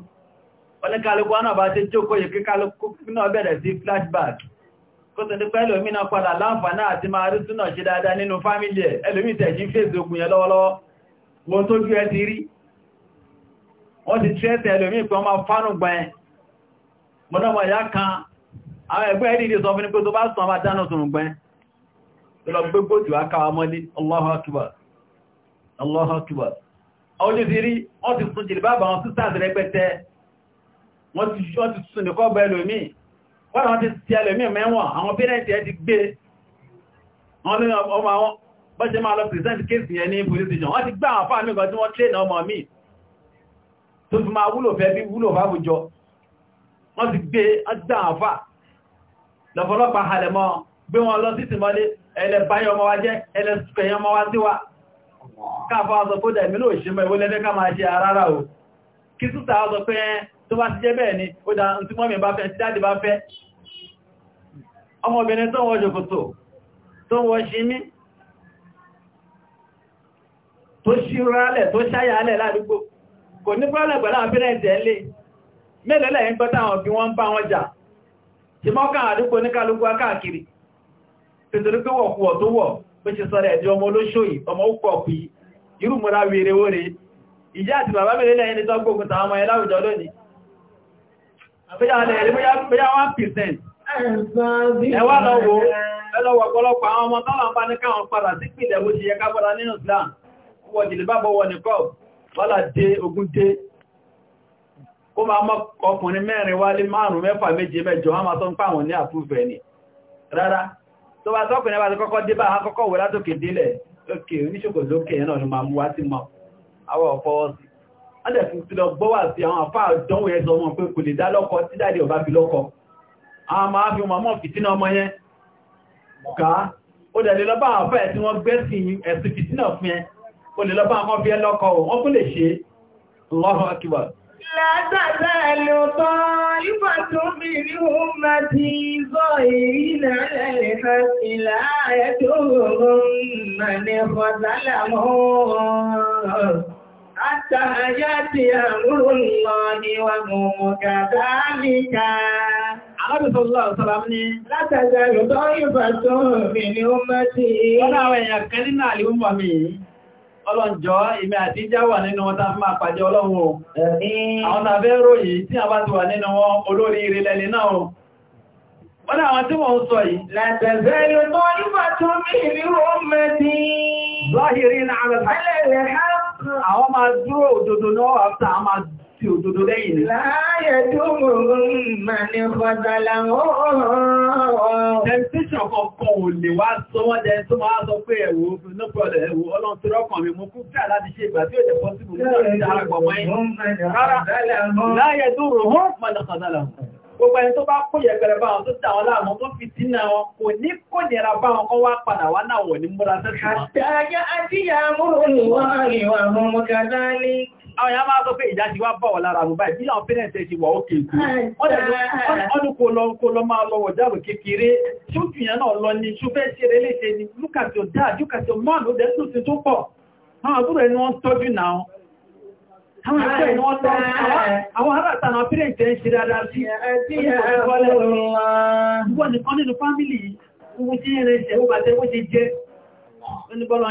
oníkàlùkù náà bá ti jókòó yẹ kíkàlùkù náà bẹ̀rẹ̀ sí flashback kó tó ní pẹ́lú omi náà padà láǹfààní àti máa rí súnà ṣe dáadáa nínú fámílì ẹ̀ ẹlòmí tẹ̀jí fèsì ogun lọ́wọ́lọ́wọ́ wọn tó ju ẹ ti rí wọ́n ti tírẹ́tẹ̀ ẹlòmí ìpẹ́ ọmọ fánúgbà ẹ mọ́dọ́mọ̀ ìyá kan àwọn ẹgbẹ́ ìdíje sọ fún ní pé tó bá sùn ọmọ dáná sùn gbẹ́ lọ gbégbó jù ákàwà mọ́lé Allahu Akbar Allahu Akbar ọjọ́ ti rí wọ́n ti sun jìlì bàbá wọn sísà rẹpẹtẹ wọ́n ti sùn ní kọ́bọ̀ ẹlòmí wọ́n ti ti ẹlòmí mẹ́wọ̀n àwọn pẹ́rẹ́ntì ẹ ti gbé wọ́n ní ọmọ àwọn bọ́ṣẹ́ máa lọ pìrìsẹ́ntì kéèsì yẹn ní polisi jọ wọ́n ti gbá àwọn fáàmì kan tí tó fi máa wúlò fẹ́ bí wúlò fáwùjọ wọ́n ti gbé àdáàfà lọ́fọ́lọ́pàá halẹ̀mọ́ gbé wọn lọ títì mọ́lé ẹlẹ́ báyọ̀ ọmọ wa jẹ́ ẹlẹ́ sùkẹ̀yàn ọmọ wa sí wa káàfà ọzọ kó dẹ̀ mílò ìṣẹ́mọ̀ ìwó lẹ́fẹ́ ká tó bá ti jẹ́ bẹ́ẹ̀ ni ó dá tí mọ́mí bá fẹ́ tí dáàdì bá fẹ́ ọmọbìnrin tó wọ́n jòkòtò tó wọ́n ṣí mí tó ṣírálẹ̀ tó ṣáyàálẹ̀ ládùúgbò kò ní pọ́lẹ̀ pẹ̀lú àwọn pẹ́rẹ̀ntì ẹ̀lẹ́ mẹ́lẹ̀lẹ̀ ń gbọ́ta àwọn bí wọ́n bá wọn jà tí mọ́kàn àdúgbò ní kálukú akáàkiri pẹ̀tẹ̀rẹ̀ pé wọ̀kúwọ̀ tó wọ̀ pé ṣe sọ́rẹ̀ ẹ̀dí ọmọ olóṣòyì ọmọ òkú ọ̀pù yìí irú múra wèrè wórè ìyá àti bàbá mẹ́lẹ̀ lẹ́yìn ní tọ́gbógun tàwọn ọmọ ẹ̀ láwùjọ lónìí ẹwà lọ́wọ́ ẹlọ́wọ́ ọ̀pọ̀lọpọ̀ àwọn ọmọ tọ́lọ̀ ń bá ní káwọn padà sí pìlẹ̀ bó ṣe yẹ ká padà nínú Islam wọ́n jìlì bá bọ́wọ́ nìkọ́ọ̀ wọ́lá dé ogun dé ó máa mọ́ ọkùnrin mẹ́rin wálé márùn mẹ́fà méje mẹ́jọ wọ́n máa tó ń pàwọn ní àfúnfẹ́ ni rárá tó bá tọ́kùnrin bá ti kọ́kọ́ dé bá a kọ́kọ́ wọ látòkè délẹ̀ lókè oníṣòkò lókè yẹn náà ló máa mú wá sí mọ́ àwọ̀ ọ̀fọ́wọ́sí wọ́n dẹ̀ fi lọ gbọ́wà sí àwọn ẹ̀ o lè lọ́bá àwọn bí ẹlọ́kọ̀ wọ́n kú lè ṣe Allahu akbar látàzàlù tọ́lífà tó bí ní ọmọ ti zọ ìrìnà ẹ̀lẹ́fẹ́ ìlà ẹ̀tọ́ ọmọ ní fọ́sálà mọ́ Àtàyàtì àrùn lọ mọ̀ kàtàlìkà ọlọ́njọ́ ìmẹ́ àti jáwà nínú wọn tán máa pàdé ọlọ́run o àwọn tàbẹ́ ròyìn tí a bá ti wà nínú wọn olórí ìrìnlẹ̀ náà o wọ́n ní àwọn tí wọ́n ń sọ yìí ti òdodo lẹ́yìn rẹ̀. Láyé tó mọ̀ mà ní kọjàlá ọ̀rọ̀. Temptation kọ̀ọ̀kan ò lè wá sọ wọ́n jẹ tó máa sọ pé ẹ̀wò no ẹ̀wò ọlọ́run mi mú kú kí àláti ṣe ìgbà tí ó jẹ́ Gbogbo ẹni tó bá kó yẹgbẹrẹ bá wọn tó dà wọn láàmú tó fi sí wọn kò ní kó nira bá wọn kọ́ padà wá náà wọ̀ ní múra sẹ́sùn wọn. Àtàyà àti ìyàmú òun wà wà mú mú kàdálí àwọn èèyàn máa sọ pé ìjà ti wá bọ̀ wọ̀ lára àrùbá ìbílẹ̀ àwọn pẹ́lẹ̀ntẹ́ ti wà ókè tó ọdún kò lọ kò lọ máa lọ́wọ̀ jáwò kékeré ṣúkì yẹn náà lọ ní ṣúfẹ́ sí reléṣe ni lúkàtí ọdá àjúkàtí mọ́ọ̀n ló dẹ́sù ti tó pọ̀ àwọn àbúrò ẹni wọ́n tọ́jú náà àwọn ẹ̀kọ́ ẹni wọ́n tọ́ àwọn aráta àwọn pẹ́lẹ̀ntẹ́ ń ṣe dáadáa sí wọ́n nìkan nínú fámìlì ohun tí ń rẹ̀ ṣẹ̀ ó bàtẹ́ ó ṣe jẹ́ ó ní bọ́lọ́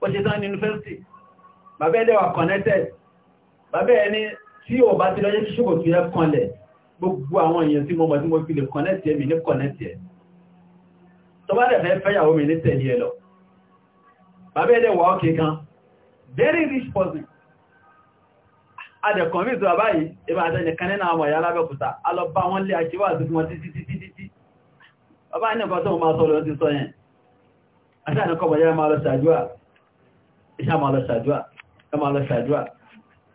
ó ṣe tán university bàbá ẹ̀dẹ̀ wà connected bàbá ẹni tí ò bá ti lọ́jẹ́ ṣòkò tó yẹ kanlẹ̀ gbogbo àwọn èèyàn tí mo mọ̀ tí mo fi lè connect ẹ̀ mi ní connect ẹ̀ tó bá dẹ̀ fẹ́ fẹ́yàwó mi ní tẹ̀lé ẹ lọ bàbá ẹ̀dẹ̀ wà ókè kan very rich person adẹ̀kàn mí ìtura báyìí ibà àtẹnìkan nínú àwọn ọ̀yà alábẹ́kúta alọ́bá wọn lé àṣíwà àti fún wọn títí títí títí bàbá ní nǹkan tó máa sọ lọ ti sọ yẹn àti àníkọ́ bọ̀yá máa lọ ṣàdúrà iṣẹ́ máa lọ ṣàdúà ẹ máa lọ ṣàdúà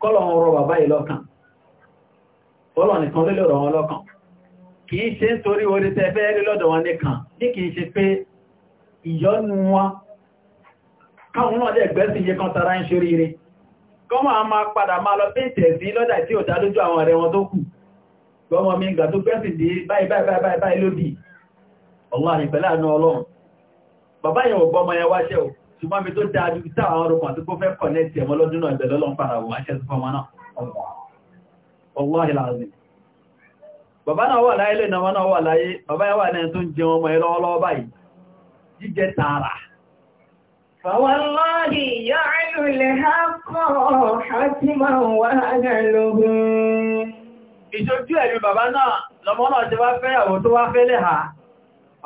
kọ́lọ̀ wọn rọ bàbá yìí lọ́kàn kọ́lọ̀ nìkan ló lè rọ wọn lọ́kàn kì í ṣe nítorí orí tẹ fẹ́ rí lọ́dọ̀ wọn nìkan ní kì í ṣe pé ìyọ́nú wọn káwọn náà jẹ́ gbẹ́sìn yẹ kan tara ń ṣoríire kọ́ máa máa padà máa lọ pẹ́ntẹ̀ sí lọ́dà tí ò dá lójú àwọn ọ̀rẹ́ wọn tó kù gbọ́mọ mi gbà tó gbẹ́sìn dé báyìí báyìí báyìí báyìí lódì ọlọ́run pẹ̀lú àánú ọlọ́run bàbá yẹn ò gbọ́mọ yẹn wáṣẹ́ o ṣùgbọ́n mi tó dáa ju tí àwọn ọrùn kan tó kó fẹ́ kọ̀nẹ́tì ẹ̀mọ́ lọ́dún náà ìbẹ̀lẹ́ lọ́n para wọ́n ṣe fún ọmọ náà ọlọ́hìlá azim bàbá náà wà láyé lè náà wà láyé bàbá yẹn wà náà tó ń jẹun ọmọ ẹ̀rọ ọlọ́wọ́ báyìí jíjẹ tààrà fàwọ́lọ́dì yá ìrùlẹ̀ hápọ̀ hàtímà wà gẹ̀lógún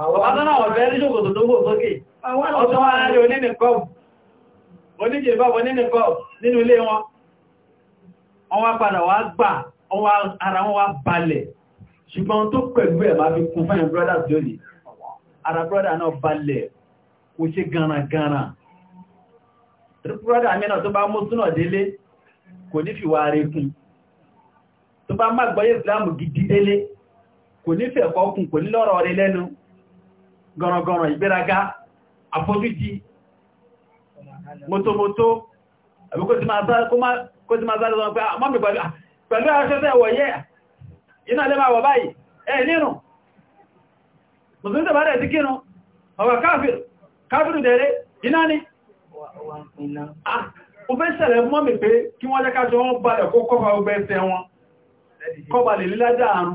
Àwọn ọ̀fẹ́ ní ṣòkòtò tó gbò sókè. Ọjọ́ wá rẹ̀ onínìkọ́. Oníjì bá onínìkọ́ nínú ilé wọn. Wọ́n wá padà wá gbà, ara wọn wá balẹ̀. Ṣùgbọ́n tó pẹ̀lú ẹ̀ máa fi kún fẹ́yìn brọ́dà lónìí. Ara brọ́dà náà balẹ̀, kò ṣe gánagánà. Brọ́dà mìíràn tó bá mú súnà délé, kò ní fi wà rékún. Tó bá má gbọ́yé ìsìlámù gidi délé, kò ní fẹ̀kọ́ kún, kò ní lọ́rọ̀ rẹ̀ lẹ́nu gọ̀rọ̀gọ̀rọ̀ ìgbéraga àfojúdi mọ́tòmọ́tò àbí kó ti máa sáré lọ pé mọ́mí pẹ̀lú aṣẹ́sẹ́ wọ̀nyẹ́ iná lè máa wọ̀ báyìí ẹ nínú mùsùlùmí tẹ̀bá rẹ̀ sí kínú ọ̀wọ̀ káfìrì káfìrì dẹ̀rẹ́ iná ni ó fẹ́ sẹ̀rẹ̀ mọ́mí pé kí wọ́n jẹ́ káṣọ wọn balẹ̀ kó kọ́fà ọgbẹ́ ẹsẹ̀ wọn kọ́bà lè lílá dáàrùn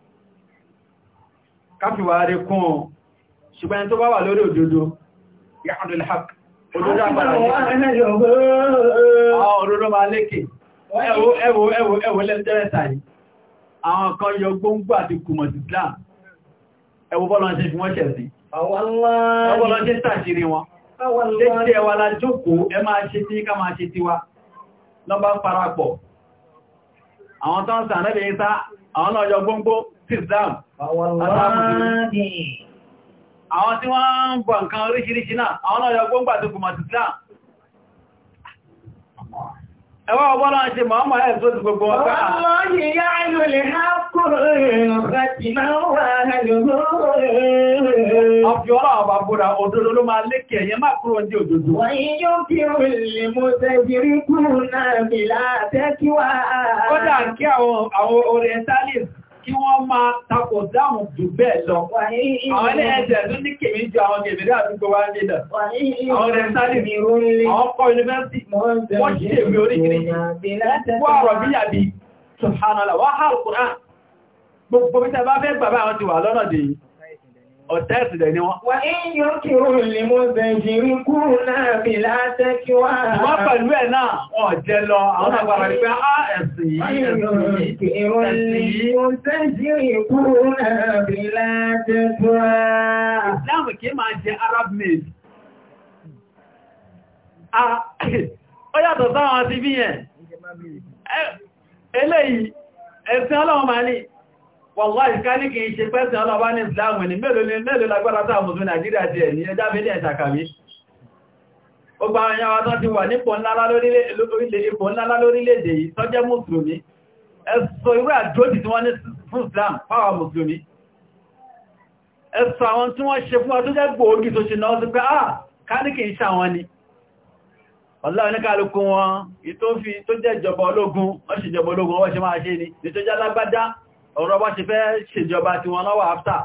káfíwà rẹ̀ kún ọ ṣùgbọ́n tó bá wà lórí òdodo yàkùnlẹ̀ hak òdodo àgbàrà òdodo máa lékè ẹwọ ẹwọ ẹwọ ẹwọ lẹ́tẹ́rẹta yìí àwọn kan yọ gbóngbò àti kùmọ̀ sí Islam ẹwọ bọ́lọ́nṣẹ́ fi wọ́n ṣẹ̀ sí ọwọ́lọ́nṣẹ́ tàṣírí wọn lẹ́tẹ́ ẹwà la jókòó ẹ máa ṣe tí ká máa ṣe tiwa lọ́bá parapọ̀ àwọn tán istislam àwọn tí wọ́n ń bọ̀ nǹkan oríṣiríṣi náà àwọn náà yọ gbọ́ngbà tó kùmọ̀ istislam ẹwà ọgbọ́nà ṣe máa máa ẹ̀ tó ti gbogbo ọgbà ọlọ́yìn yá ìlú lè ha kúrò ìrìnàkàtì máa wà lóòrò ọ̀fíọ́lá ọba búra òdòdó ló máa lékè ẹ̀yẹ máa kúrò ní òdòdó wọ́n yíó kí o lè mú tẹ́jìrí kúrò náà bìlá tẹ́kíwà kódà kí àwọn orientalist kí wọ́n máa tapọ̀ dáhùn jù bẹ́ẹ̀ lọ. Àwọn ilé ẹ̀jẹ̀ ló ní kèmí jù àwọn kèmìrí àdúgbò wá ní ìdà. Àwọn rẹ̀sálì ní àwọn kọ́ yunifásitì wọ́n ṣe èmi oríkìrí. Wọ́n wọ́n hàrùkùnrán ọ̀tẹ́ ìsìdẹ̀ ni wọ́n. Wà ní kí o lè mọ́ bẹ̀jìrí kú náà bí látẹ́ kí wá. Wọ́n pẹ̀lú ẹ̀ náà wọ́n jẹ lọ àwọn àgbàrà rí pé á ah, ẹ̀sìn yìí. Wà kí o lè mọ́ bẹ̀jìrí kú náà bí látẹ́ kí wá. Ìsìláàmù kìí máa jẹ Arab maid wàláì ká ní kìí ṣe pẹ́sìn ọlọ́wà ní ìsìláàmù ní mélòó ní mélòó lágbára tàà mùsùlùmí nàìjíríà ti ẹ̀ ní ẹjá mílíọ̀n ìtàkàmí ó gba àwọn ẹyàwó tó ti wà nípò ńlá lórílẹ̀-èdè yìí tọ́jẹ́ mùsùlùmí ẹ̀sọ irú àdójì tí wọ́n ní fún islam fáwọn mùsùlùmí ẹ̀sọ àwọn tí wọ́n ṣe fún ọdúnjẹ́ gbòógì ah ká ní kìí ṣe àwọn ni ọ̀lá oníkàlùkù wọn ìtófin tó jẹ́ ìjọba ológun wọ́n ṣe ìjọba ológun wọ́n ṣe máa ṣe ni ìtọ́jẹ́ alágbádá ọ̀rọ̀ bá ṣe fẹ́ ṣèjọba tí wọ́n lọ́wọ́ áfta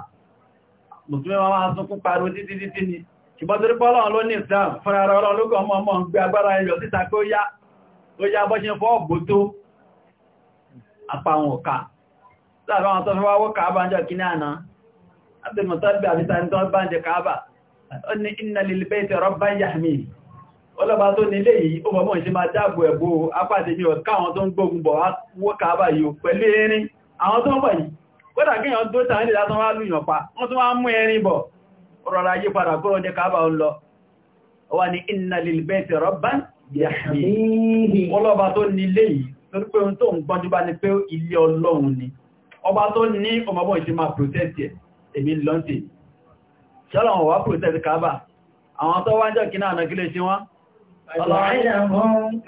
mùsùlùmí wọn máa sunkún pariwo títí títí ni ṣùgbọ́n torí pọ́lọ́n ló ní islam fúnra ara ọlọ́run lókọ̀ ọmọ ọmọ gbé agbára ẹyọ síta pé ó yá ó yá bọ́ ṣe fọ́ ọ̀gbó tó apá àwọn ọ̀ka láàrín àwọn yahmi ọlọ́ba tó nílé yìí ó mọ̀ mọ̀ ṣe máa dáàbò ẹ̀bò apá àti ọ̀ká àwọn tó ń gbógun bọ̀ wá kàábà yìí pẹ̀lú erin àwọn tó ń bọ̀ yìí kódà kí èèyàn tó tàn nílá tán wá lùyàn pa wọ́n tó wá mú ẹrin bọ̀ rọra yí padà kúrò jẹ káàbà ń lọ wà ní inna lil bayti rabban bá ni ọba tó ní ọmọbọ̀ ìṣe máa protest ẹ̀ èmi lọ́ntì ṣọ́lọ̀ wọ́n wá protest káàbà àwọn tó wá ń jọ kí náà nà kí Ọlọ́run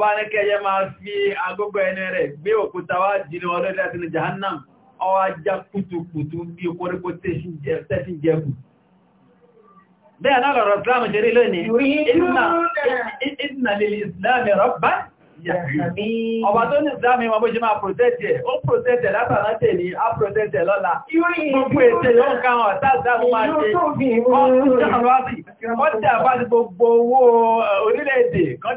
bá ní kẹjẹ máa fi agogo ẹni rẹ̀ gbé òkúta wá jìnà ọlọ́dẹ́ àti ní Jahannam, ọwá já kùtùkùtù bí koríko tẹ́sí jẹ́kù. Bẹ́ẹ̀ náà lọ̀rọ̀ Islam ṣe rí lónìí, ìdínà lè Ọba tó ní ìdámi wọn bó ṣe máa protect ẹ̀, ó protect ẹ̀ látàrá tèlé, á protect ẹ̀ lọ́la. Gbogbo ètè yóò káwọn tàbí máa ṣe, wọ́n tí àbá gbogbo owó eh, orílẹ̀-èdè, kan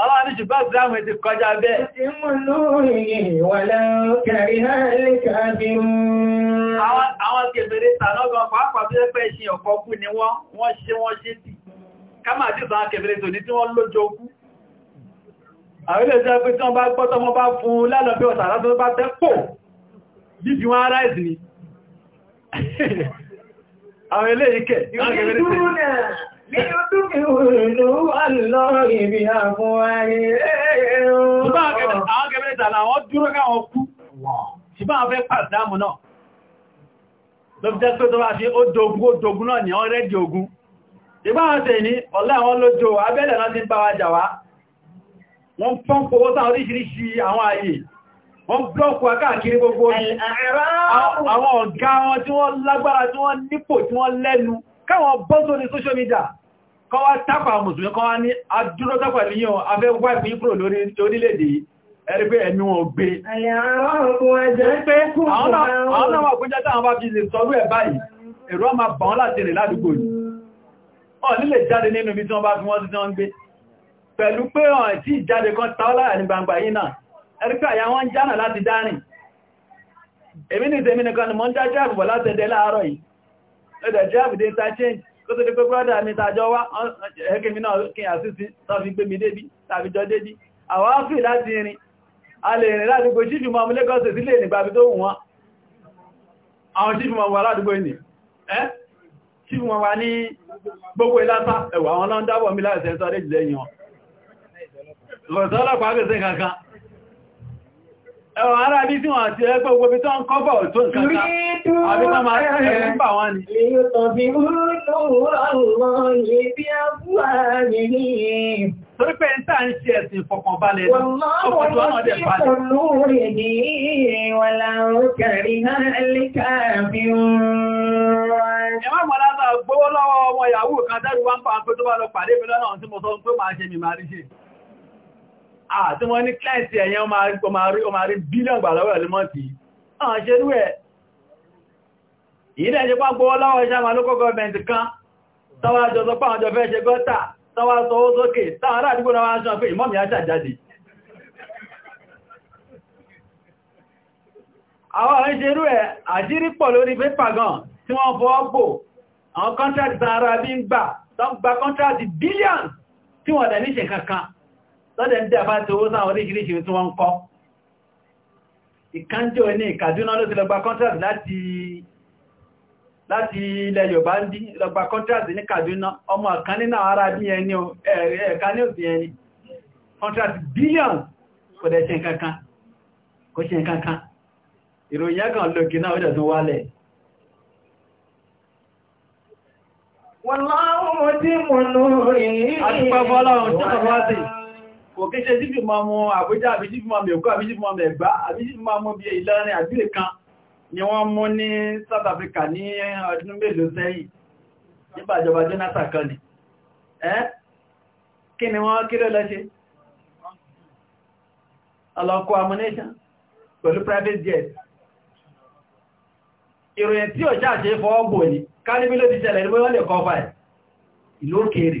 Àwọn àníṣù bá gbáàmù ti kọjá bẹ́ẹ̀. Àwọn kèfèrè tànọ́gbọ̀n pàápàá tó jẹ́ pé ìṣin ọ̀kọ́ kú ni wọ́n, wọ́n ṣe wọ́n ṣe tì. Ká máa dìbò àwọn kèfèrè tò ní tí wọ́n lójó Ṣìbá fẹ́ pàdánù náà. Ló fi jẹ́ pé tó bá ṣe ó dogun ó dogun náà ní ọ̀rẹ́ di ogun. Ìgbà wọn tẹ̀ ní ọ̀lá àwọn lójó abẹ́lẹ̀ náà ti bá wa jà wá. Wọ́n pọ́n pọ̀wọ́ sáà oríṣìíríṣìí àwọn ààyè. Wọ́n blọ́ọ̀kù akáàkiri gbogbo káwọn bọ́sọ ní social media kọ́ wá tápà mùsùlùmí kọ́ wá ní adúrótápà níyàn afẹ́ wáìpì kúrò lórí orílẹ̀-èdè ẹgbẹ́ ẹ̀mí wọn gbé àwọn náà kún jẹ́ táwọn bá fi lè sọ́rú ẹ̀ báyìí èrò ọmọ bọ̀n láti rìn ládùúgbò yìí wọ́n nílè jáde nínú ibi tí wọ́n bá fi wọ́n sí tí wọ́n gbé pẹ̀lú pé ọ̀rìn tí ìjáde kan táọ́láyà ní gbangba yìí náà ẹ̀ríkà àyà wọ́n jánà ẹ̀dẹ̀ drive dé interchange kó tó di pé brọ́dà mi tàjọ wá ẹ̀kẹ́ náà kí àsìsí tàbí gbé mi débi tàbí jọ débi àwọn áfì láti rìn a lè rìn láti gbò chief mọ́ Lagos sílé nígbàbí tó wù wọ́n àwọn chief mọ́ wà ní gbogbo ìlàta ẹ̀wà àwọn lọ́ndábọ̀ mi láti ẹ̀sọ́ ẹwọ̀n ará bí tí wọ́n ti ẹgbẹ́ ogobi tó ń kọ́bọ̀ tó ń kàtà àbí tó máa rẹ̀ ń bà wọ́n ni. èyí tọ̀bí torí pé ń tàà ń ṣe ẹ̀sìn ìfọ̀kànbalẹ̀ ọkọ̀tọ̀ ọmọ dẹ̀ balẹ̀. ẹ̀wọ́n mọ̀lá àti ah, wọ́n ní kílẹ̀ǹtì ẹ̀yẹn ọmọ rí bílíọ̀n gbà lọ́wọ́ ẹ̀lú mọ́tí àwọn ṣe rú ẹ̀ ìdẹ̀ ṣe pá gbọ́wọ́ láwọ́ iṣẹ́ àwọn olókọ́ gọ́ọ̀mẹ̀ntì kan tọ́wọ́ àjọsọ pá àwọn jọfẹ́ ṣe gọ́ta tọ́wọ́ sọ ó sókè táwọn aládùúgbò náà wá ń sọ pé ìmọ́mì àṣà jáde àwọn àwọn ìṣerú ẹ̀ àṣírí pọ̀ lórí pépà gan tí wọ́n fọ́ gbò àwọn kọ́ntrátì tàn ara bí ń gbà tán gba kọ́ntrátì bílíọ̀n tí wọ́n dẹ̀ níṣẹ́ kankan lọ́dẹ̀ ń dẹ̀ bá ti owó sáwọn oríṣiríṣi tí wọ́n ń kọ́ ìkánjẹ́ òní Kaduna ló ti lọ gba contract láti láti ilẹ̀ Yorùbá ń dí lọ contract ní Kaduna ọmọ kan nínú ara bí ẹni ẹ̀ẹ̀ká ní òfin ẹni contract billion kò dẹ̀ ṣe nkankan kò ṣe nǹkankan ìròyìn ẹ̀kan Wọ́n láwọn mọ̀ lórí. fọ́lọ́run tó kọ̀ wá sí. kò kí ṣe sí fi máa mọ Àbújá àbí sí fi máa mọ Èkó àbí sí fi máa mọ Ẹ̀gbá àbí sí fi máa mọ bí Ìlọrin àbí kan ni wọ́n mú ní South Africa ní ọdún mélòó sẹ́yìn nípa ìjọba Jonathan kan ni ẹ́ kí ni wọ́n kí ló lọ ṣe ọlọ́kọ́ ammunition pẹ̀lú private jet ìròyìn tí ò ṣáà ṣe fọ́ ọgbò ní kálíbí ló ti ṣẹlẹ̀ ní wọ́n lè kọ́ fà ìlú òkèèrè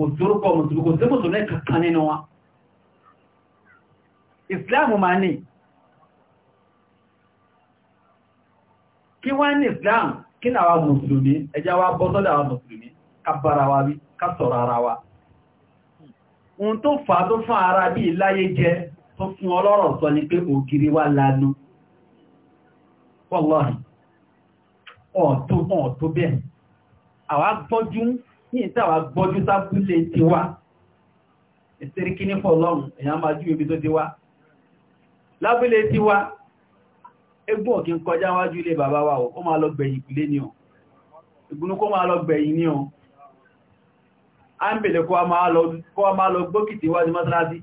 kò sórúkọ mùsùlùmí kò sí mùsùlùmí kankan nínú wa ìsìláàmù máa ní kí wọ́n ní ìsìláàmù kí náà wá mùsùlùmí ẹjá wá bọ́ àwọn mùsùlùmí ká wa wí ká ara wa ohun tó fà tó fún ara bí láyé jẹ tó fún ọlọ́rọ̀ sọ ni pé ògiri wá lanu wallahi ọ̀tún ọ̀tún bẹ́ẹ̀ àwa gbọ́jú ní ìtàwà gbọ́jú sábúlé ti wá ìsírí kí ní fọ́lọ́run èyàn máa jú ibi tó ti wá lábúlé ti wá egbò kí n kọjá wájú ilé bàbá wa ó máa lọ gbẹ̀yìn ìpìlé ní ọ ìgbónú kó máa lọ gbẹ̀yìn ní ọ a ń bèèrè kó a máa lọ gbókìtì wájú mọ́sánásí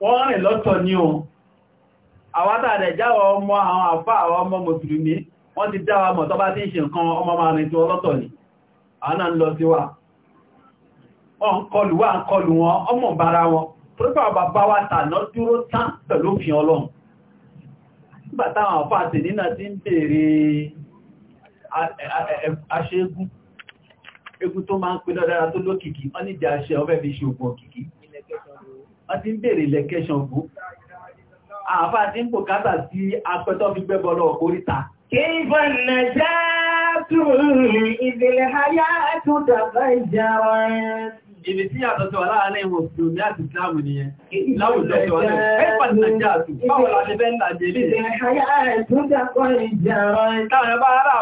wọ́n rìn lọ́tọ̀ ní ọ wọ́n ti dáwà mọ̀ tó bá ti ń ṣe nǹkan ọmọ máa rìn tó ọlọ́tọ̀ ni àánà ń lọ sí wa wọ́n ń kọlù wá ń kọlù wọn ọmọ bára wọn pípa bàbá wa tàná dúró tán pẹ̀lú òfin ọlọ́run nígbà táwọn àfáàtì nínà ti ń bèèrè aṣẹ́gún egun tó máa ń pín lọ́dára tó lókìkí wọ́n ní ìdí aṣẹ ọfẹ́ fi ṣe ògùn òkìkí wọ́n ti ń bèèrè lẹ́kẹ́ṣàn pò kátà sí apẹ́tọ́ fi gbẹ́bọ́ lọ́ọ̀kóríta كيف النجاة إذ الحياة تفجرت Ibi tí yàtọ̀ tí wà láàárín Mùsùlùmí àti Ìsìláàmù nìyẹn, láwùjọ tí wà lẹ́yìn, pẹ́pà nàíjà àti báwo la ṣe fẹ́ nàíjẹ̀ lè. Táwọn ẹbá ará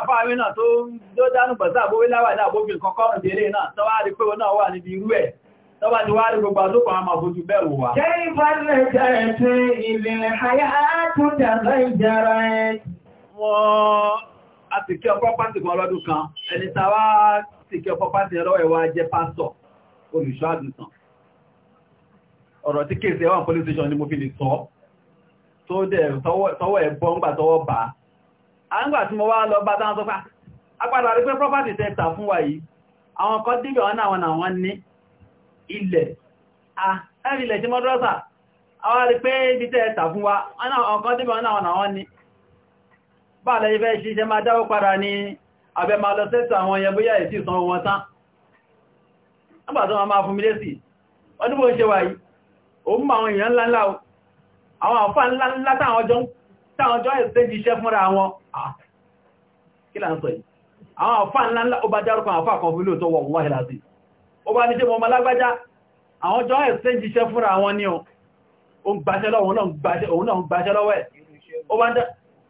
tọ́wà rí wá rí gbogbo àdókò àmà fojú bẹ̀rù wà. Kẹ́ ìfàlẹ̀ jẹ́ ẹ̀tẹ́ ìlẹ̀ àyà tó dàgbà ìjára ẹ̀ wọ́n a ti kí ọpọ́ pàtì kan lọ́dún kan ẹni tàwà ti kí ọpọ́ pàtì ẹ̀rọ ẹ̀wà jẹ́ pásọ̀ olùṣọ́ àdùsàn ọ̀rọ̀ tí kéèsì ẹwà police station ni mo fi lè sọ tó dẹ̀ tọwọ́ ẹ̀bọ́ ń gbà tọwọ́ bá a ń gbà tí mo wá lọ bá tán sọ́fà apádà rí pé property tẹ́ta fún wa yìí àwọn kan dìbẹ̀ wọn náà wọn náà ah ẹ̀rì ilẹ̀ tí mọ́dúrọ́sà àwọn rí pé ibi tẹ́ta fún wa àwọn kan dìbẹ̀ wọn náà wọn náà wọn bá lẹ́yìn fẹ́ ṣíṣẹ́ máa dáwó padà ní abẹ́ máa lọ sẹ́sẹ̀ àwọn ẹyẹ bóyá ìsì san wọn tán nígbàtọ́ máa fún mi lésì wọ́n ní bó ṣe wà yìí òun mú àwọn èèyàn ńláńlá o àwọn àfá ńláńlá táwọn jọ ìsẹ́jì iṣẹ́ fúnra wọn kí là ń sọ yìí àwọn àfá ńláńlá ó bá dárúkọ àfá kan fún lóòtọ́ wọ̀ wọ́n hìlàsì ó bá ní ṣe mọ́ lágbájá àwọn jọ ìsẹ́jì iṣẹ́ fúnra wọn ní o ó ń gbaṣẹ́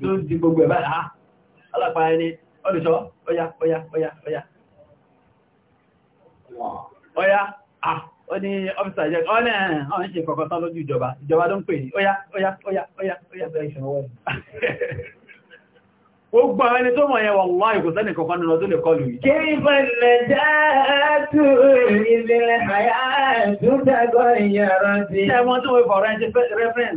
tó di gbogbo ẹ̀bá àá oya ẹni ọdìṣọ́ ọya ọya ọya ọya ọya à ọ ní ọ́fíìsà jẹ́ ọ́nà ọ̀n ṣe kọ̀kọ́ tán lójú ìjọba ìjọba ló ń pè ní ọya ọya ọya ọya ọya Gbogbo àwọn ẹni tó mọ̀ yẹn wọ̀n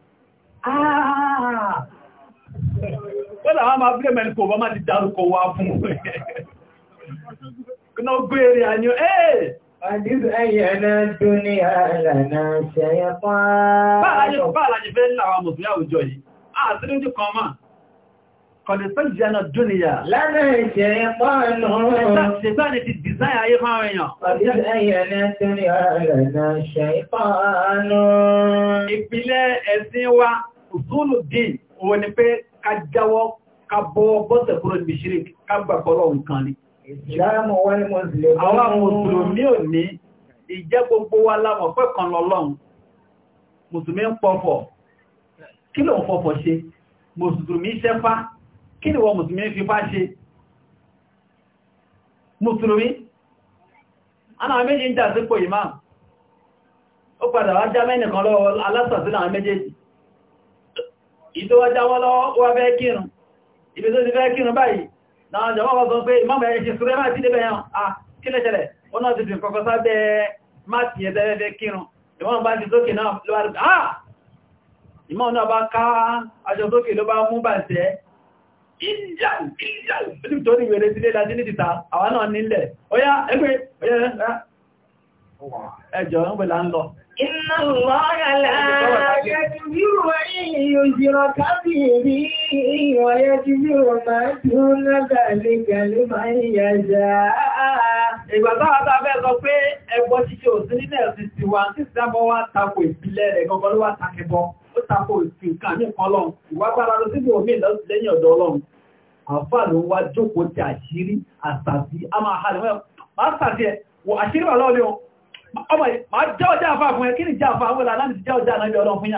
Kọ́lá ah! wá máa blé mẹ́rin kò bá máa ti dárúkọ wá fún ẹ̀. Kọ́nà gbé èrè àyàn, ẹ́ẹ̀! Àdíbù ẹ̀yẹ̀ náà dún ní àlànà ṣẹ̀yẹ pán. Bá àlàjì fẹ́ láwà mùsùlùmí ti dìzáì ayé fáwọn èèyàn. Àdíbù ẹ̀yẹ̀ náà dún ní àlànà ṣẹ̀yẹ ẹ̀sìn wa òṣòlò dín òun ni pé ká jáwọ́ ká bọ́ bọ́sẹ̀ kúrò níbi ṣírík ká gbà pọ̀lọ̀ nǹkan ni àwọn mùsùlùmí ò ní ìjẹ́ gbogbo wa lámọ̀ ni wọ́n mùsùlùmí ana méjì ń jà sípò ìmáà ó padà wá já mẹ́nìkan lọ́wọ́ alásàtí náà méjèèjì ìtò ọjáwọ́ lọ́wọ́ wà fẹ́ kírùn ibi tó ti fẹ́ kírùn báyìí náà jọmọ́ wọ́n sọ pé ìmọ́mọ̀ ẹ̀ṣẹ́ súrẹ́ máa ti lé bẹ̀yàn à ah, kí lẹ́ṣẹ̀lẹ̀ wọ́n náà ti fi kọ́kọ́ sábẹ́ máàtì ẹ̀ẹ́fẹ́ fẹ́ kírùn ìmọ́mọ̀ bá ti ah ìmọ́ náà bá ká aṣọ sókè ló bá mú bà jẹ́ ìjáù ìjáù tó ní ìwèrè sílé láti ní títà àwọn náà nílẹ̀ ọyá ẹgbẹ́ ẹjọ́ ń pè ń lọ Inna Allah لينذر كبيري ويجزي ما دون ذلك لمن يشاء Ìgbà táwà tá fẹ́ sọ pé ẹgbọ́ ṣíṣe òsìn nílẹ̀ ọ̀sìn ti wà tí ìsìnbọ̀ wá tako ìpìlẹ̀ rẹ̀ gọ́gọ́ ló wá takẹbọ, ó tako ìpìnkà ní kan lọ́n, ìwágbára lọ síbò mí lẹ́yìn ọ̀dọ̀ Ọlọ́run. Àfà ló wá jókòó ti àṣírí àtàbí a máa ha lọ́wọ́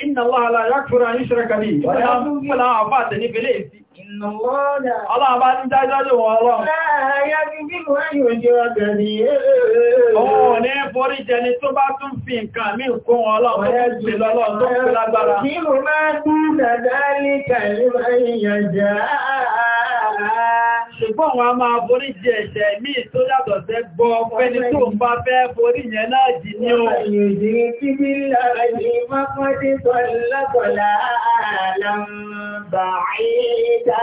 Inna Allah la yakfuru an yushraka bihi. Wọ́n láwọn àbá tẹ̀ níbi lè sí. Inna Allah la. Ọlọ́wọ́ bá ní dájọ́jọ́ wọn ọlọ́run. Láàáyá bí bí wọ́n yóò jẹ́ ọjọ́ ní ẹ̀ẹ́. Ó ní forí jẹni tó fi nǹkan mí kún ọlọ́run tó ń pè lọ́lọ́run tó ń pè lágbára. Kí mo máa dúdà dálé ṣùgbọ́n wọn a máa borí jẹ ẹ̀ṣẹ̀ mí tó yàtọ̀ tẹ́ gbọ́ fẹ́ni tó ń bá fẹ́ borí yẹn náà jì ní o. ìdí kí bí láàrín mọ́kàndé tọ́lọ́tọ̀lá àlàmbà ìdá.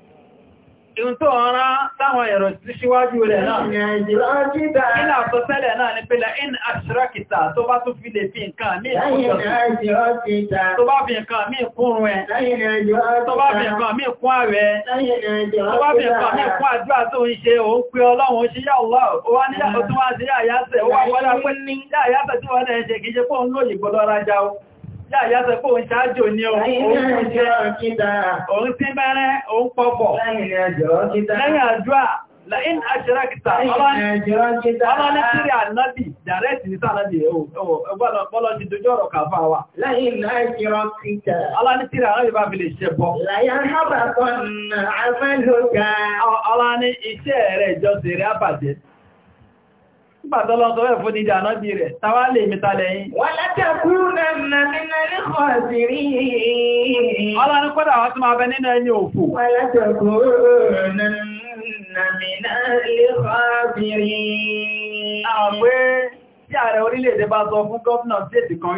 Ìhun tó ọ̀rán táwọn èrò sí síwájú rẹ̀ náà. Ìlà àtọ́sẹ́lẹ̀ náà ni pẹ́lẹ̀ in ashrakita tó bá tún fi Tó bá Tó fi nǹkan fi nǹkan mí tó ń Yáyásẹ̀ pé òun ṣáájò ní òun jẹ́ òun tí bẹ́rẹ́ òun pọ̀pọ̀. Lẹ́yìn àjọ́ láìn àṣírákìtà ọlọ́ni tírí ànábì dàrẹ́tì ní sáànábì ọgbọ́lọ́ ti dojú ọ̀rọ̀ kàfà wa láìn àṣírákìtà ọlọ́ni tírí ànábì bá fi lè ṣe bọ́ láyán Ìgbàtọ́lọ́tọ́ ẹ̀ fún ìdí ànábì rẹ̀, tàwà lè mìta lẹ́yìn. Wọ́n látẹ̀kú náà nínú ẹni kọ̀ sí rí. Ọlọ́ni kọ́dà wọ́n tí máa bẹ nínú ẹni òfò. Wọ́n látẹ̀kú náà nínú ẹni kọ̀ sí rí. Àpé tí ààrẹ orílẹ̀-èdè bá sọ fún gọ́ọ̀nà stéètì kan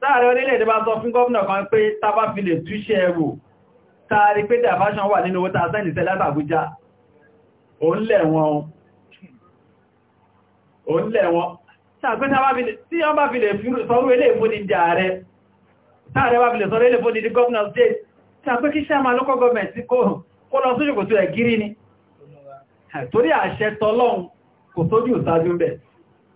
láàrin orílẹ̀-èdè bá sọ fún gọ́ọ̀nà kan pé tàbá fi lè túṣẹ́ ẹrù tààrí pé dàbáṣán wà nínú owó tààtà ìsẹ́ látàbújá òun lẹ̀wọ̀n tí wọ́n bá fi lè sọrú ilé ìfúnni di ààrẹ tààrẹ bá fi lè sọrú ilé ìfúnni di gọ́ọ̀nà state tí a pé kí sẹ́mà lókọ́ gọ́ọ̀mẹ̀ntì kó lọ sójú kò tó ẹ̀gírí ni torí àṣẹ tọ́lọ́un kò sójú ìsájú bẹ̀ẹ̀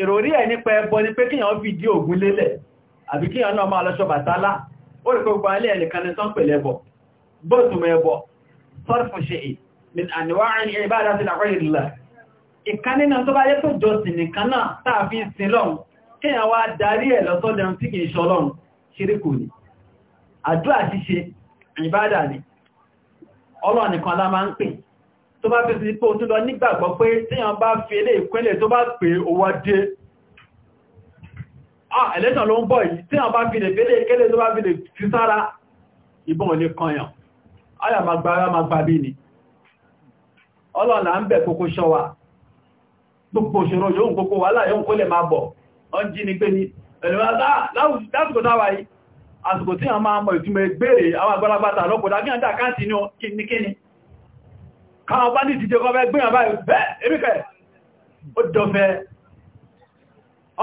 ìròrí ẹ̀ nípa ẹbọ ni pé kíyàn fi dí Ògún lélẹ̀ àbí kíyàn náà máa lọ Ọbàtálá ó rí gbogbo alẹ́ ẹ̀nìkan ni tán pẹ̀lẹ̀ ẹbọ gbóòtùmọ̀ ẹbọ sọ́rọ̀fù min àníwáàrin ìbádátil ghayrillah ìkan nínú tó bá yẹ́ tó jọsìn nìkan náà tààfi sin lọ́hun kíyàn wá darí ẹ̀ lọ́sọ́dẹ̀ tí kìí ṣọ ni àdúrà ṣíṣe ìbádà ni Ọlọ́run tó bá fi sí pé o tó lọ nígbàgbọ́ pé tíyàn bá fi ilé ìpínlẹ̀ tó bá pè owó dé ah election ló ń bọ̀ yìí tíyàn bá fi lè fẹ́lẹ̀ ìkẹ́lẹ̀ tó bá fi lè fi sára ìbọn olè kanyàn ayà magbára magbàbí ni ọlọ́nà ń bẹ̀ kókó ṣọ́wà gbogbo òṣèrò yóò gbogbo wà láyé ń kó lè máa bọ̀ ọ́n jí ni pé ní lásìkò táwà yìí àsìkò tí àwọn káwọn bá ní ìtìjẹ́ kọfẹ́ gbìyàn báyìí bẹ́ẹ̀ ebíkẹ́ ó dọ̀fẹ́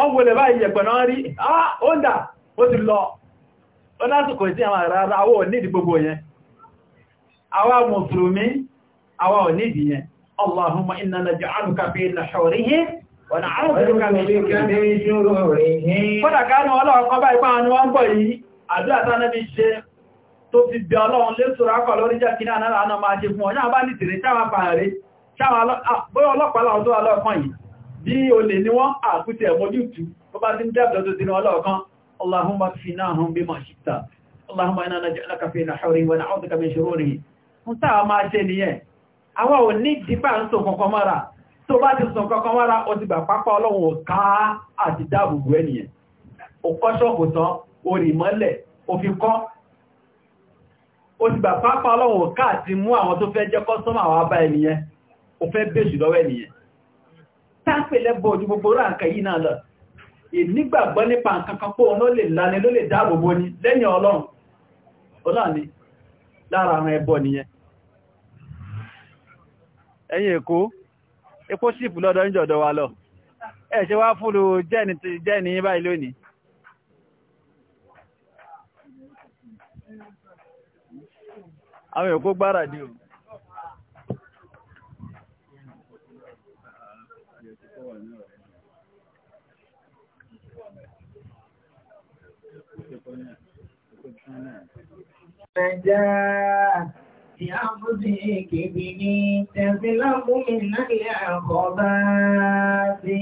ọwọ́lẹ̀ báyìí yẹ̀pẹ̀ náà rí ọ́ndà ó ti lọ ó lásìkò ìsìn àwọn àrárá àwọ́ onídìí gbogbo yẹn àwa mùsùlùmí àwa onídìí yẹn Allahumma inna na fi tó fi bí ọlọ́run lé sọ́rọ̀ àpà lórí jẹ́ kí náà náà máa ṣe fún ọ̀nà bá ní tèrè sáwọn àpààrẹ bóyá ọlọ́pàá láwọn tó alọ́ọ̀kan yìí bí o lè ní wọ́n àkútẹ̀ ẹ̀mọ́jútù tó bá ti ń dábdọ̀ tó dínú ọlọ́ọ̀kan Allahumma finahum bima shi'ta Allahumma inna naj'aluka fi nahurihim wa na'udhuka min shururihim ń táà máa ṣe nìyẹn àwọn ò ní dípà ń sùn bá ti sùn ó ti gbà pápá ọlọ́run káàtí mú àwọn tó fẹ́ jẹ́ kọ́sọ́mà wá bá ẹniyẹn ó fẹ́ bèṣù lọ́wọ́ ẹniyẹn tápẹ̀lẹ́ bọ̀ ojú gbogbo ráǹkà yìí náà lọ ìnígbàgbọ́ nípa nǹkan kan pé òun ló lè lani ló lè dáàbòbò ni lẹ́yìn ọlọ́run ọlọ́run ni lára àwọn ẹbọ nìyẹn ẹ̀yin èkó epo sípù lọ́dọ̀ ń jọ̀dọ̀ wa lọ ẹ̀ ṣe wá fúru jẹ́ni báyìí lónìí àwọn èkó gbáradì o Ẹja ìyáfúdí kìbì ní tẹ̀síláàmù mi náà yà bá sí.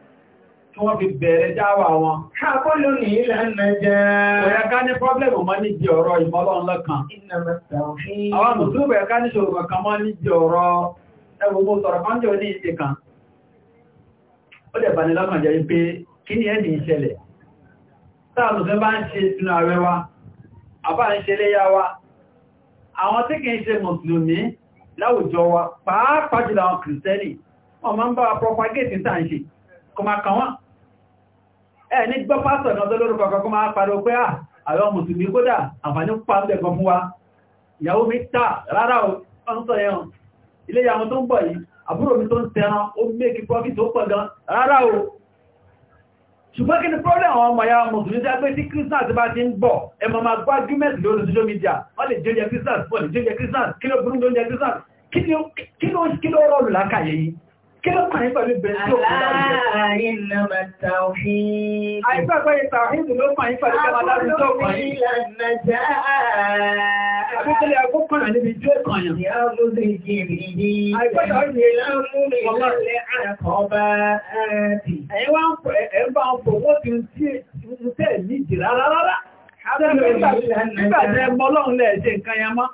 tí wọ́n fi bẹ̀rẹ̀ dáwà wọn. Káàkọ́lù ní ìlànà jẹ́. Òyà ká ní pọ́blẹ̀mù mọ́ ní jẹ ọ̀rọ̀ ìmọ́lọ́nlọ́kan. Àwọn mùsùlùmí ẹ̀ká ni ẹ̀dì ìṣẹ̀lẹ̀? Táà mùsùlùmí bá ń ṣe ìtúnú ààrẹ wa, àbá ń ṣe léyá wa. Àwọn tí kìí ṣe mùsùlùmí láwùjọ wa, pàápàá jùlọ àwọn kìrìsẹ́nì, wọ́n máa ń bá propagate ní tàà ṣe kọ máa kàn wọ́n ẹ̀ ní gbọ́ pásọ̀ náà tó lórúkọ kọ máa pariwo pé à ah, àwọn mùsùlùmí kódà àǹfààní pàtẹ́ kan fún wa ìyàwó mi tà rárá o ń sọ yẹn ilé ìyàwó tó ń bọ̀ yìí àbúrò mi tó ń tẹran ó méèkì pọ́kì tó pọ̀ gan rárá o ṣùgbọ́n kí ni problem àwọn ọmọ ya mùsùlùmí jẹ́ pé tí christian ti bá ti ń bọ̀ ẹ máa máa gbá júmẹ́sì lórí social media wọ́n lè jẹ́ jẹ́ christian wọ́n lè jẹ́ jẹ́ christian kí ló burú ló jẹ́ christian kí ló rọrùn lákàyè yìí Kí ló kàn yín pẹ̀lú bẹ̀rẹ̀ tí ó kúrò láwùjọ? Àárín nàmà tàwíìdì. Àìgbàgbọ́ yìí tàwíìdì ló kàn yín pẹ̀lú kẹwàá láwùjọ tó kàn yín. Àlọ́lọ́lá jà áà. Àkókòlẹ̀ àkókòrò níbi tí ó kàn yàn. Ìyá olóògbé jìbì yìí. Àìgbàgbọ́ yìí lámú mi lọ́lẹ̀ àkọ́bá àti. Ẹ̀yin wá ń pọ̀ ẹ̀ ń bá ń pọ̀ wọ́n ń tẹ̀ ní ìjìlá rárá. Àbẹ̀rẹ̀ ìgbà tẹ mọ́ lọ́run lẹ̀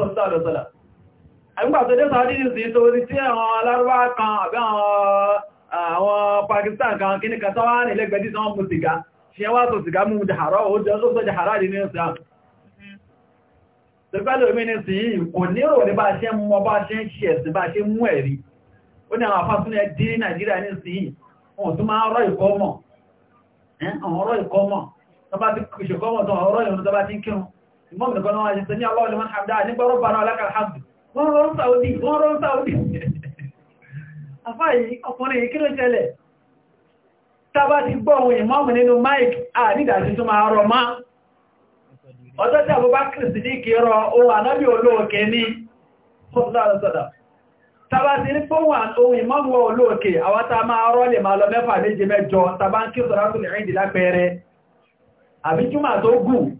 sallallahu alaihi wasallam àgbà tó dé sàádì ní sí tó rí tí àwọn alárúbá kan àbí àwọn Pakistan kan kí ní kàtàwà ní lẹ́gbẹ̀ẹ́dì sọ mú sìgá ṣe wá tó sìgá mú jàhárá ó jẹ́ lóṣọ́ jàhárá dì ní islam tẹ́gbẹ́lẹ̀ omi ní sí kò nírò ní bá ṣe mọ́ bá ṣe ń ṣe ẹ̀sìn bá ṣe mú ẹ̀rí ó ní àwọn afásúnlẹ̀ dí Nàìjíríà ní sí ohun tó máa rọ ìkọ́mọ̀ Imam nìkan náà ṣe ní Allah liman hamdah nígbà rọ́bà náà hamdu. Wọ́n rọrùn Saudi, wọ́n rọrùn Saudi. Àfáàyí ọkùnrin kí ti gbọ́ ohun ìmọ́mù nínú Mike àdídàṣí tó máa rọ máa. Ọjọ́ tí àbúbá kì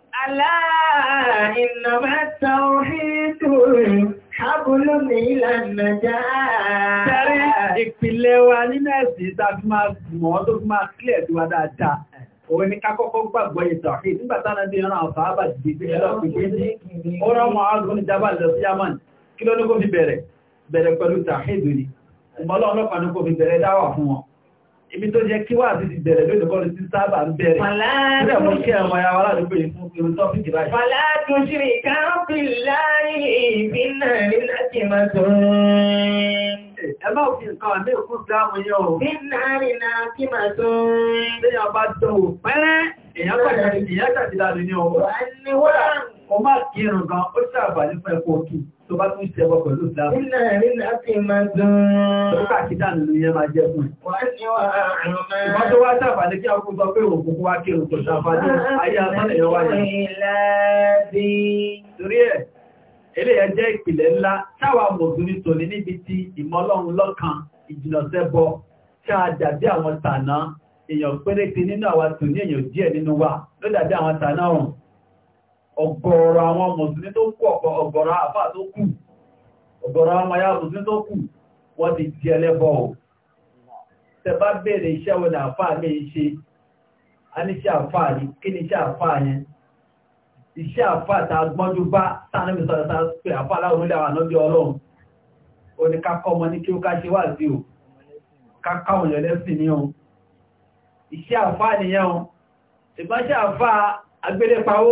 ألا إنما wa nínú ẹ̀sìn ìtàkì máa mọ́ tó fi máa kílẹ̀ tí wá dáadáa. Òun ní kákọ́kọ́ gbàgbọ́ ìtọ̀ àti nígbà tánà bí ìran àwọn àbá dìde lọ́pìnlẹ̀. Ó rán mọ́ àrùn ní jábà lọ sí Yaman. Kí ló ní kó fi bẹ̀rẹ̀? pẹ̀lú tàhídù ni. Ìmọ́lọ́ ní kó fi bẹ̀rẹ̀ dáwà fún wọn ibi tó jẹ́ kí wà àti ti bẹ̀rẹ̀ lónìí kọ́ ti sábà ń bẹ̀rẹ̀ nígbà mọ́ kí ẹ̀mọ̀ ya wà láàrín pé fún irun tọ́fíìkì báyìí. fàlá tó ṣe káàpì láàrin ìbínà láti ìyá tàbí láàrin ni o. wà á ní wọ́n. o má kírun gan ó ṣàbàlí fún ẹ̀kọ́ òkú tó bá tún ṣẹbọ pẹ̀lú ìsìlámù. Iná rí láti máa gan-an. Tó káàkiri dànù ló yẹ máa jẹ fún ẹ. Wọ́n ní wà àrùn mẹ́. Ìbá tó wá sàfàdé kí ọkùnrin sọ pé òkú wá kí òkú sàfàdé ayé asọ́lẹ̀ yẹn wáyé. Torí ẹ̀, eléyẹ jẹ́ ìpìlẹ̀ ńlá táwa ọ̀gọ̀rọ̀ àwọn mùsùlùmí tó kú ọ̀gọ̀rọ̀ àfà tó kù ọ̀gọ̀rọ̀ àwọn ayá mùsùlùmí tó kù wọ́n ti di ẹlẹ́bọ̀ ọ̀ tẹ bá bèèrè iṣẹ́ wọn àfà lè ṣe a ní iṣẹ́ àfà ní kí ni iṣẹ́ àfà yẹn iṣẹ́ àfà ta gbọ́njú bá tánàmì sọ̀rọ̀ ta pé ó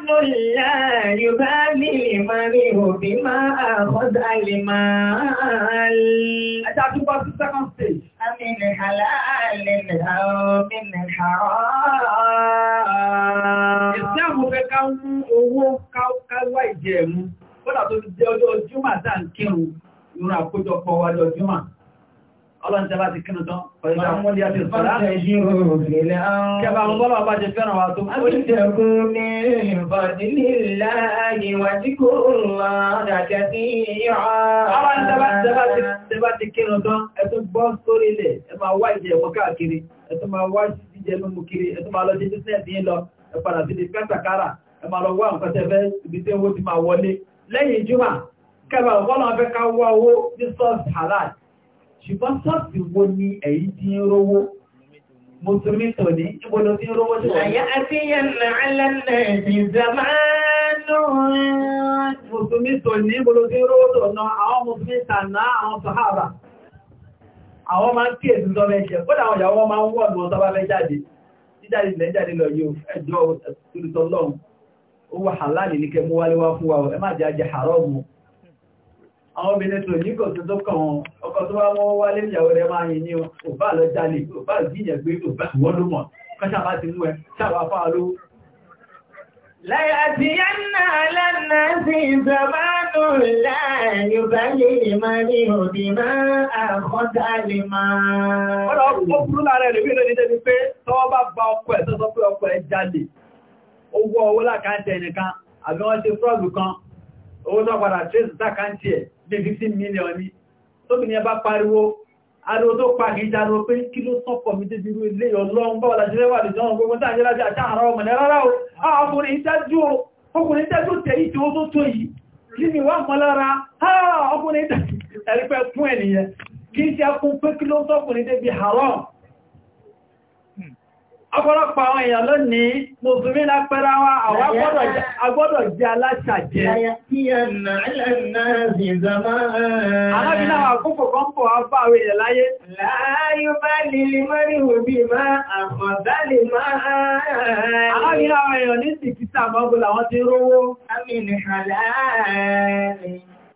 Ìyánu láàrí bá nílè máa rí òbí máa àkọ́dá lè máa lè. Ẹja tó bá sí second stage. Amínì àláàlè àmínì àárọ̀. Ìsìn àmúfẹ́ jẹ́ ọjọ́ Júmà tá ń kírun, ìrun àkójọpọ̀ wa Júmà ọlọ́run tẹ́ bá ti kínú tán pẹ̀lú àwọn ọmọdé àti ìsọ̀rá kẹba àwọn bọ́lọ̀ bá jẹ fẹ́ràn wa tó kú ní ìbọ̀dínláàyè wà tí kò rọrọ̀ àjẹ́ sí ìrọ̀ ọlọ́run tẹ́ bá ti kínú tán ẹ̀tún bọ́ sórí ilẹ̀ ẹ ṣùgbọ́n sọ́ọ̀sì wo ni èyí tí ń rówó mùsùlùmí tò ní ìbọ̀lọ́ tí ń rówó ṣe wà. àyà àti yànnà alẹ́ ti zamanu. mùsùlùmí tò ní ìbọ̀lọ́ tí ń rówó tò ná àwọn mùsùlùmí tàná àwọn sàhábà. àwọn máa ń kí èsì sọ́mọ ẹ̀ṣẹ̀ àwọn obìnrin tó ní kò tó tó kàn wọn ọkọ tó bá wọ́n wálé ìyàwó rẹ̀ máa yìn ní òbá lọ jalè òbá ìgbìyàn gbé òbá ìwọ́n ló mọ̀ kọ́ṣàbá ti mú ẹ ṣàwà fáà ló láyàtíyánná lánà sí ìzàmánù láàyò bá lè máa rí owó náà padà trace zakanti ẹ̀ bí 15 million ní tóbi ní ẹbá pariwo ariwo tó pa kìí jáde pé kí ló sọ́pọ̀ mi débi irú ilé ọlọ́run báwọn láti rẹwà lè jọun gbogbo táà jẹ́lájá àti àrà ọmọ ní rárá o ọkùnrin ìtẹ́jú ọkùnrin ìtẹ́jú tẹ̀ ìtì ó tó tó yìí kí ni wà mọ́ lára ọkùnrin ìtẹ́jú ẹ̀rí pẹ́ fún ẹ̀nìyàn kí ṣe ẹkùn pé kí ló sọ́kùnrin débi haram Ọ̀pọ̀lọpọ̀ àwọn èèyàn lónìí, Mùsùlùmí lápẹ́ra wa, àwọn agbọ́dọ̀ jẹ́ aláṣàjẹ́. Alábìnà àkókò kan pọ̀ àbá àwọn èèyàn láyé. Láyé bá lè mọ́rí òbí máa àkọ̀dá lè máa. Alábìnà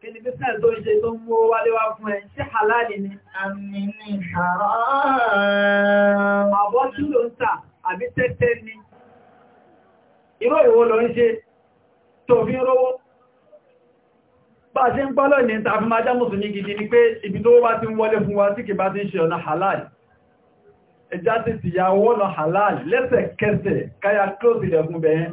kí ni business tó ń ṣe tó ń mú wálé wá fún ẹ ṣé halali ni àmì ní haram àbọ̀ tí ló ń tà àbí tẹ́tẹ́ ni irú ìwò ló ń ṣe tó fi rówó bá ṣe ń pọ́lọ̀ ní tàbí máa jámùsùn ní gidi ni pé ibi tó bá ti ń wọlé fún wa tí kì bá ti ń ṣe ọ̀nà halali ẹjá ti ti ya owó ọ̀nà halali lẹ́sẹ̀kẹsẹ̀ káyà close ilẹ̀kùn bẹ̀yẹn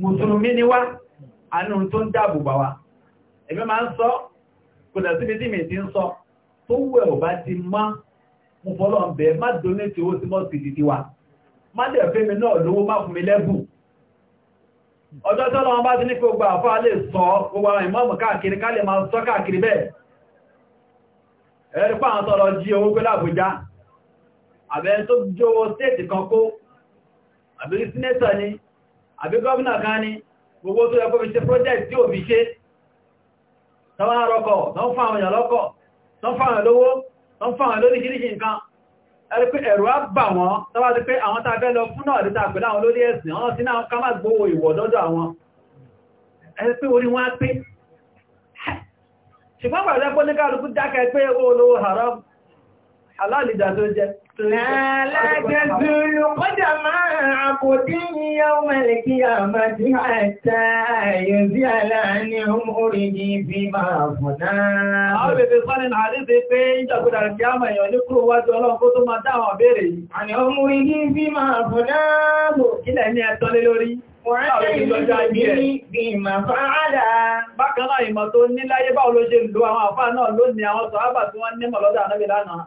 mùsùlùmí ni wá anú tó ń dáàbò bà wá ẹ̀mí ń sọ kò dẹ̀ síbi mi ti ń sọ tó wẹ̀ ò bá ti mọ́ mo fọ́lọ́ ń bẹ̀ má donate owó tí mo sì wa má dẹ̀ fẹ́ mi náà lówó má fún mi lẹ́bùn ọjọ́ tí ọlọ́wọ́n bá ti ní gbogbo àfáà lè sọ gbogbo àwọn ìmọ̀ọ̀mù káàkiri ká lè máa sọ káàkiri bẹ́ẹ̀ ẹ̀rí pàwọn tọrọ jí owó pé lábújá àbẹ́ tó jówó stéètì kan kó àbí sínẹ́tọ̀ ni àbí gọ́ọ̀nà kan ní gbogbo tó ẹkọ́ fi ṣe project tí ò fi ṣe tọ́wọ́ àrọ́kọ̀ tọ́ fún àwọn èèyàn lọ́kọ̀ tọ́ fún àwọn lówó tọ́ fún àwọn lóríṣiríṣi nǹkan ẹ̀rù á bà wọ́n tọ́wọ́ ti pé àwọn tàbẹ́ lọ fún náà rí tàbí láwọn lórí ẹ̀sìn wọ́n sí náà ká má gbówó ìwọ̀ lọ́dọ̀ àwọn ẹni pé orí wọ́n á pé ṣùgbọ́n pàdé pọ́ ní kálukú dákẹ́ pé ó lówó haram alálìdà tó jẹ́ لا تزول قدم عبد يوم القيامة حتى يزال عنهم أرجي فيما أفنى. Àwọn bèbè sọ́ni náà rí sí pé ìjọba ìjọba èèyàn ní kúrò wájú ọlọ́run kó tó máa dáhùn àbẹ́rẹ̀ yìí. Àní ọmọ orí bí máa fọ́nà bò kílẹ̀ ní ẹ̀tọ́ lé lórí. Wọ́n á tẹ́lẹ̀ ìjọba bí máa fàádà. Bákan náà ìmọ̀ tó ní láyé báwo ló àwọn àfáà náà lónìí àwọn sọ̀hábà tí wọ́n ní mọ̀ lọ́dọ̀ ànábì lánàá.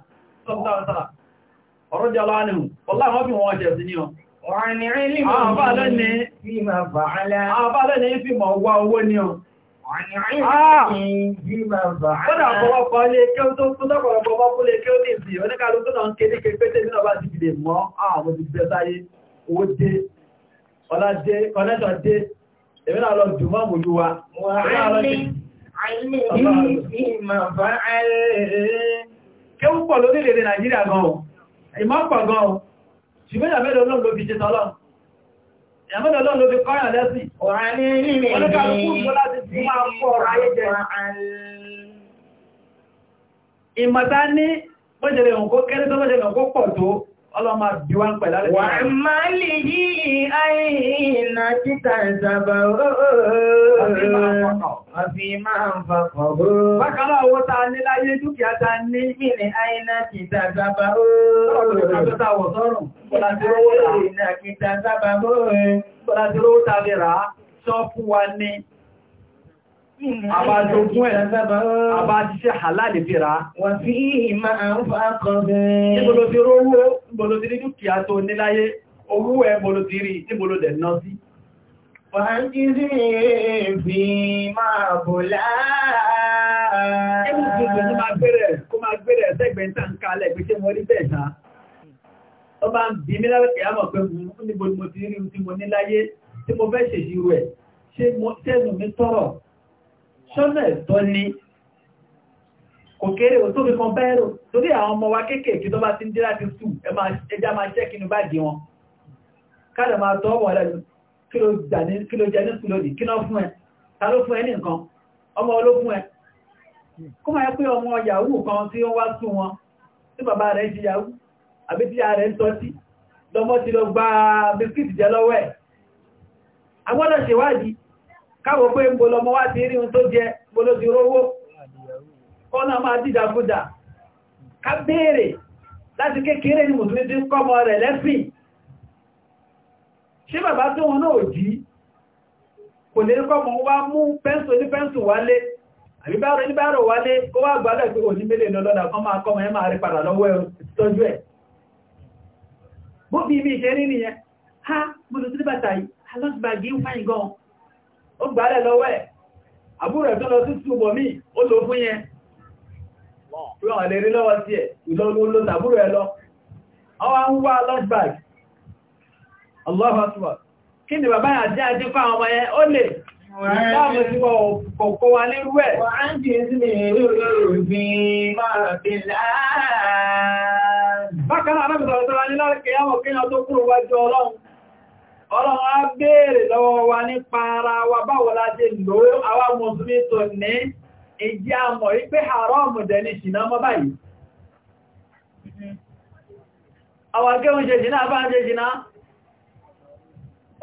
Sọ́kútà ọ̀rọ̀ jẹ́ aláàánihù ọlá àwọn bí wọ́n ṣẹ̀ sí ní ọ ah! Kọ́dà ọ̀pọ̀lọpọ̀ ilé kẹ́ tó kú tọ́pọ̀lọpọ̀ bá kú lè kẹ́ ó ní ìsìn oníkàlù tó náà ń kéde kéfẹ́tẹ́ nínú ọba ti fìdè mọ́ àwọn ah, ìbìbẹ̀ sáyé owó dé, ọlá dé, kọ́nẹ́tọ̀ dé, èmi náà lọ jù mọ́ mú yúwa. Wọ́n ìmọ́ pàgán ohun ṣùgbọ́n ìyàmẹ́lẹ̀ olóòlò ìmọ̀ta ní bọ́jẹ̀lẹ̀ òun kó tó bọ́jẹ̀lẹ̀ òun pọ̀ tó ọlọ́mà bí wá ń pẹ̀lá rẹ̀. Wà má lè yí títà ooo. Ọbí máa ń fọkọ̀ ó. Bákanáà owó ta ní láyé dúkìá ta ní ìrìn àìná kìta gbába ó. Ọ̀rọ̀ ìkàtọ́ta wọ̀ sọ́rùn. Bọ́lá tí ó wó ta. Ìrìn àkìta gbába ó. Bọ́lá tí ó wó ta lè rà á. Sọ fún wa ti rówó níbòlò Fàájírí fi máa bò láàá. Ẹni tuntun ní máa gbẹ̀rẹ̀ kó máa gbẹ̀rẹ̀ sẹ́gbẹ̀ tàn kalẹ̀ pé ṣe wọ́n rí bẹ̀ ṣá. ń bí mi lálẹ́kẹ̀ àmọ̀ pé níbo ni mo ti rí tí mo ní láyé tí mo fẹ́ ṣèṣì rẹ̀. Ṣé sẹ́nu mi tọ̀rọ̀? Ṣọ́nà ẹ̀tọ́ ni kò kéré kí ló jẹ ní sùn lónìí kí náà fún ẹ ta ló fún ẹ ní nǹkan ọmọ olókún ẹ kó máa pé ọmọ yahoo kan tí ó wá sùn wọn tí bàbá rẹ̀ ṣe yahoo àbí tí ààrẹ ń tọ́tí lọmọ ti lọ gba bisikíìtì jẹ lọ́wọ́ ẹ̀ agbọ́dọ̀ ṣèwádìí káwọ̀ pé ń bolọmọ wá ti rí ohun tó jẹ bolo rówó ọ̀nà máa dìdàkudà ká béèrè láti kékeré ní mùsùlùmí tí ń kọ́mọ rẹ̀ lẹ́sìn ṣé bàbá tó wọn náà jí kò lè rí kọ́mọ̀ wá mú pẹ́ńsù ní pẹ́ńsù wálé àbí báàrò ní báàrò wálé kó wá gbádà pé òní mélè lọ́lọ́dà kan máa kọ́mọ̀ ẹ máa rí padà lọ́wọ́ ẹ tọ́jú ẹ̀ ha gbọdọ̀ sí bàtà yìí alọ́sibàgì ń fáyìn gan ó gbádà lọ́wọ́ ẹ̀ àbúrò ẹ̀ tó lọ sí túbọ̀ míì ó lò fún yẹn ìwọ̀n lè rí lọ́wọ́ sí ẹ̀ ìlọ́lọ́ lọ́tàbúrò ẹ lọ ọwọ́ ń wá lọ́sibàgì Allahu Akbar. Kí ni bàbá àti àti fún àwọn ọmọ yẹn ó lè láàmù tí wọ́n kọ̀kọ́ wa ẹ̀. Wọ́n á jẹ́ máa láàá. Bákan náà, ní àwọn kíyàn tó kúrò wájú ọlọ́run. Ọlọ́run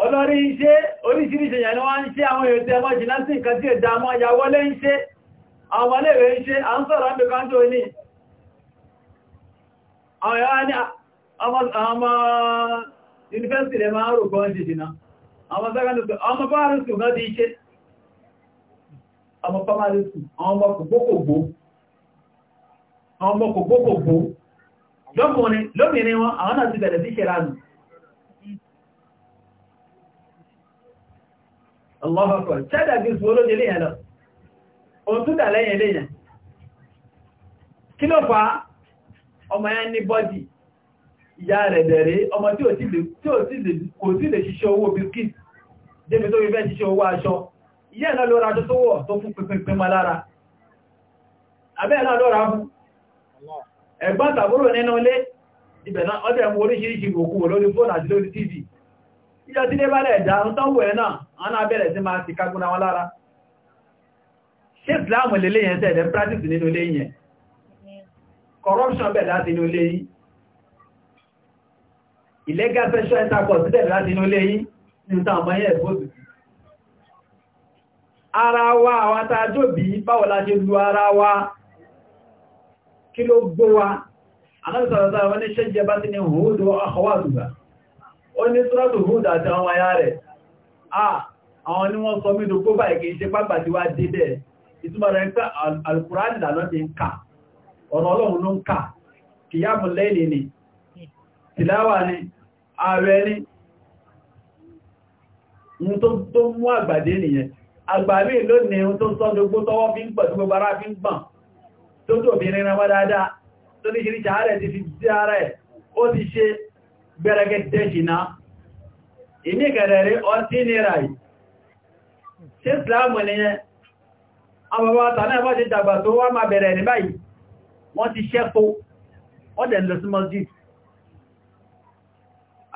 olórí iṣẹ́ oríṣìíríṣẹ́ ìyàní wọ́n ń ṣe àwọn èdè ọmọ jìnà sí nǹkan tí èdè àmọ́ ìyàwó lé ń ṣe àwọn ọmọlẹ́rẹ̀ ń ṣe à ń sọ̀rọ̀ àmì kan tó ní àwọn yunifásitì rẹ̀ máa ń rò gbọ́n jì jìnà àwọn sẹ́kọ̀ndì ọmọ bá Allah Akbar ṣẹ́dà bí i olóde lè lọ ohun tó dà lẹ́yìn lè kí ló fa ọmọ ní bọ́dì ìyá rẹ̀ bẹ̀rẹ̀ ọmọ tí ò sí lè ṣiṣẹ́ owó biskit débi tó wípẹ́ ṣiṣẹ́ owó aṣọ tó wọ̀ tó fún pínpín lára ìjọ tí lé bá lẹ̀ ìdárun tán wẹ̀ náà àwọn abẹ́rẹ̀ sí máa ti kagúnra wọn lára ṣe ìsìláàmù lélé yẹn tẹ́ẹ̀dẹ̀ practice nínú ilé yẹn corruption bẹ̀ láti inú ilé yìí illegal sexual intercourse bẹ̀ láti inú ilé yìí nínú tàn mọ́ yẹn ìfòsù ara wa àwọn tàjóbi báwo la lu ara wa kí ló gbó wa anábìsọ̀rọ̀ sára ó ní sọ́rọ̀tù húd àti àwọn ayá rẹ̀ àwọn ni wọ́n sọ mídò kó báyìí kìí ṣe pápá tí wá dédé ìtumọ̀ rẹ̀ pé alkùránì lànà ti ń kà ọ̀rọ̀ ni tìláwà ni ààrẹ ni ohun tó mú àgbàdé nìyẹn àgbàmí lónìí ohun tó sọ́dọ̀gbó tọwọ́ fi ń pọ̀ tí gbogbo ara fi ń gbọ̀n tó tó obìnrin rẹ̀ wọ́n dáadáa tó ní ṣe ní ṣàárẹ̀ ti fi dí ara ó ti ṣe gbẹ̀rẹ̀gẹ̀dẹ̀ jìnà ìní gẹ̀rẹ̀rẹ̀ ọtí nira yìí ṣe islamu nìyẹn àwọn àtànà ẹ̀fọ́ ti dàgbà tó wá máa bẹ̀rẹ̀ ní báyìí wọ́n ti ṣẹ́kó ọdẹ̀ lọ sí mọ́sí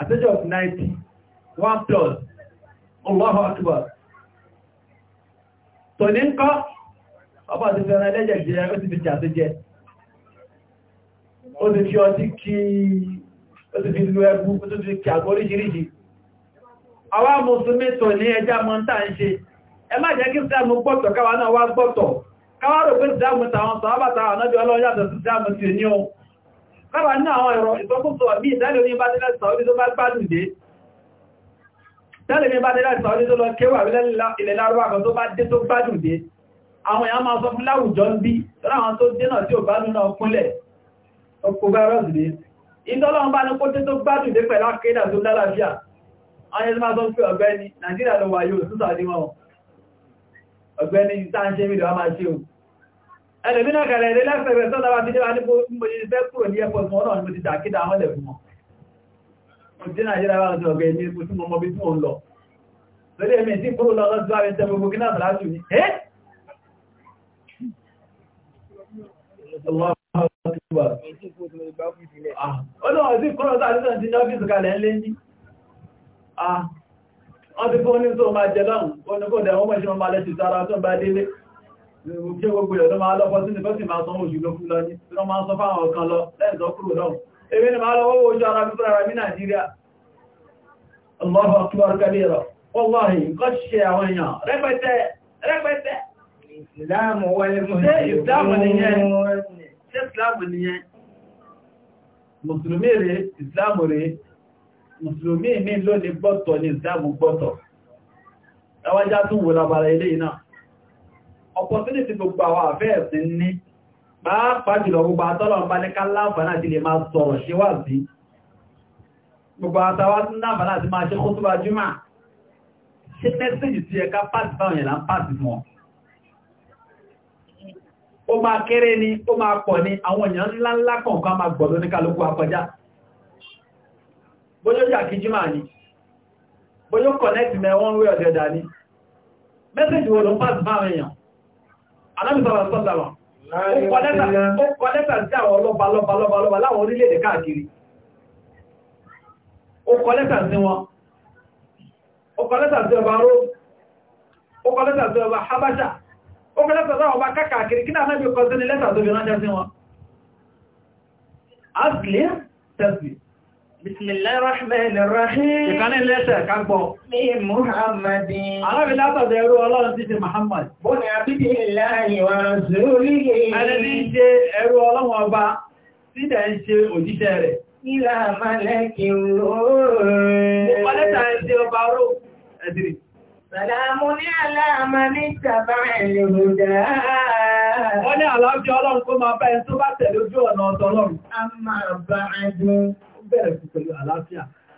àtẹ́jọ́ 90 1 plus Allahu Akbar tò ní ń kọ́ ọba ti fẹ́ràn ẹlẹ́jẹ̀ jẹ́ ó ti fi jà tó jẹ́ ó ti fi ọtí ó ti fi lu ẹgbú ó ti fi kí àgbọ́ oríṣiríṣi àwa mùsùlùmí tọ̀ ní ẹjá mọ́ntà ń ṣe ẹ má jẹ́ kí ìsìlámù gbọ́tọ̀ káwa náà wá gbọ́tọ̀ káwa rò pé ìsìlámù tàwọn sọ ábàtà ànájọ́ ọlọ́run yàtọ̀ sí ìsìlámù ti ní o káwa ní àwọn ẹ̀rọ ìtọ́kùsọ bí ìdálẹ́ oní bá délẹ̀ sàódì tó bá gbádùn dé tẹ́lẹ̀ ní bá délẹ̀ sàódì tó lọ kéwà ilẹ̀ lárúbá kan tó bá dé tó gbádùn dé àwọn èèyàn máa sọ fún láwùjọ ń bí tọ́lá àwọn tó dé náà tí ò bá nínú ọkúnlẹ̀ ọkọ̀ bá rọ́ọ̀sì ìtọ́lọ́run bá ní kó tẹ́ tó gbádùn dé pẹ̀lú àkídà tó lálàáfíà ayẹ́lẹ́mà tó ń fi ọ̀gbẹ́ni nàìjíríà lọ wà yóò sútà níwọ̀n o ẹlẹ̀mínà kẹrẹ̀ ilé lẹ́fẹ̀ẹ́ tó dára ti jẹ́ wá ní mo ti fẹ́ kúrò ní airport mọ́ náà ni mo ti dàkídà àwọn ẹlẹ̀ fún mọ́ mo ti nàìjíríà bá ti ọ̀gbẹ́ ní mo tún mọ́ bí tí mo ń lọ lórí ẹ̀mí tí kúrò lọ lọ́sí wáyé tẹ́ gbogbo kí náà láti ní ẹ́ Ọlọ́run sí kọ́rọ̀ tàbí sàn ti ní ọ́fíìsì kalẹ̀ ń lé ní. Wọ́n ti fún ní tó máa jẹ lọ́run, wọ́n ni kó dẹ̀ wọ́n mọ́ṣe máa lẹ́ṣì sára tó ń bá délé. Ṣé gbogbo ẹ̀ ló máa lọ́pọ̀ sí ní kọ́ sì máa sanwó oṣù ló fún lọ ní, tí wọ́n máa sọ fáwọn kan lọ lẹ́yìn tó kúrò lọ́run. Èmi ni máa lọ́wọ́ ojú ara fífún ara ní Nàìjíríà. Allahu akbar kabira. Wallahi, nǹkan ṣe àwọn èèyàn. Rẹpẹtẹ, rẹpẹtẹ. Ìsìláàmù wọlé mọ̀ ṣe ìsìláàmù nìyẹn mùsùlùmí rẹ̀ ìsìláàmù rẹ̀ mùsùlùmí mi ló ní gbọ́tọ̀ ní ìsìláàmù gbọ́tọ̀ ẹwájá tún wò lábàrá ilé iná opportunity gbogbo àwọn àfẹ́ẹ̀sì ní pàápàá jùlọ gbogbo àtọ́lọ̀ bá ní ká láǹfààní àti lè máa sọ̀rọ̀ ṣe wà sí gbogbo àtàwà tún ó máa kéré ni ó máa pọ̀ ni àwọn èèyàn ńláńlá kọ̀ọ̀kan máa gbọ̀dọ̀ ní kálukú akọjá bóyó bóyó connect mẹ́wọ́n wé ọ̀dẹ̀dà ni mẹ́sẹ̀jì wo ló ń pàtàkì máa èèyàn ó fẹ́ lẹ́tà sáwọn ọba kákàkiri kí náà náàbí kọsí ní lẹ́tà tó fi ránjá sí wọn asìlẹ̀ tẹ́sì bismillahirrahmanirrahim ìkànnì lẹ́tà kagbọ́ ní muhammadin alábi látọ̀dọ̀ ẹrú ọlọ́run ti ṣe muhammad bó ni àbíbí láàrin wa zórí ẹni tí ń ṣe ẹrú ọlọ́run ọba sídẹ̀ ń ṣe òjíṣẹ́ rẹ̀ Sàlámù ní aláàmà ní ìtàbá ẹ̀lẹ̀ òdá. Wọ́n ní àlàájú ọlọ́run kó máa bá ẹni tó bá tẹ̀lé ojú ọ̀nà ọ̀tọ̀ ọlọ́run. A máa bá ẹni bẹ̀rẹ̀ pẹ̀lú àlàáfíà.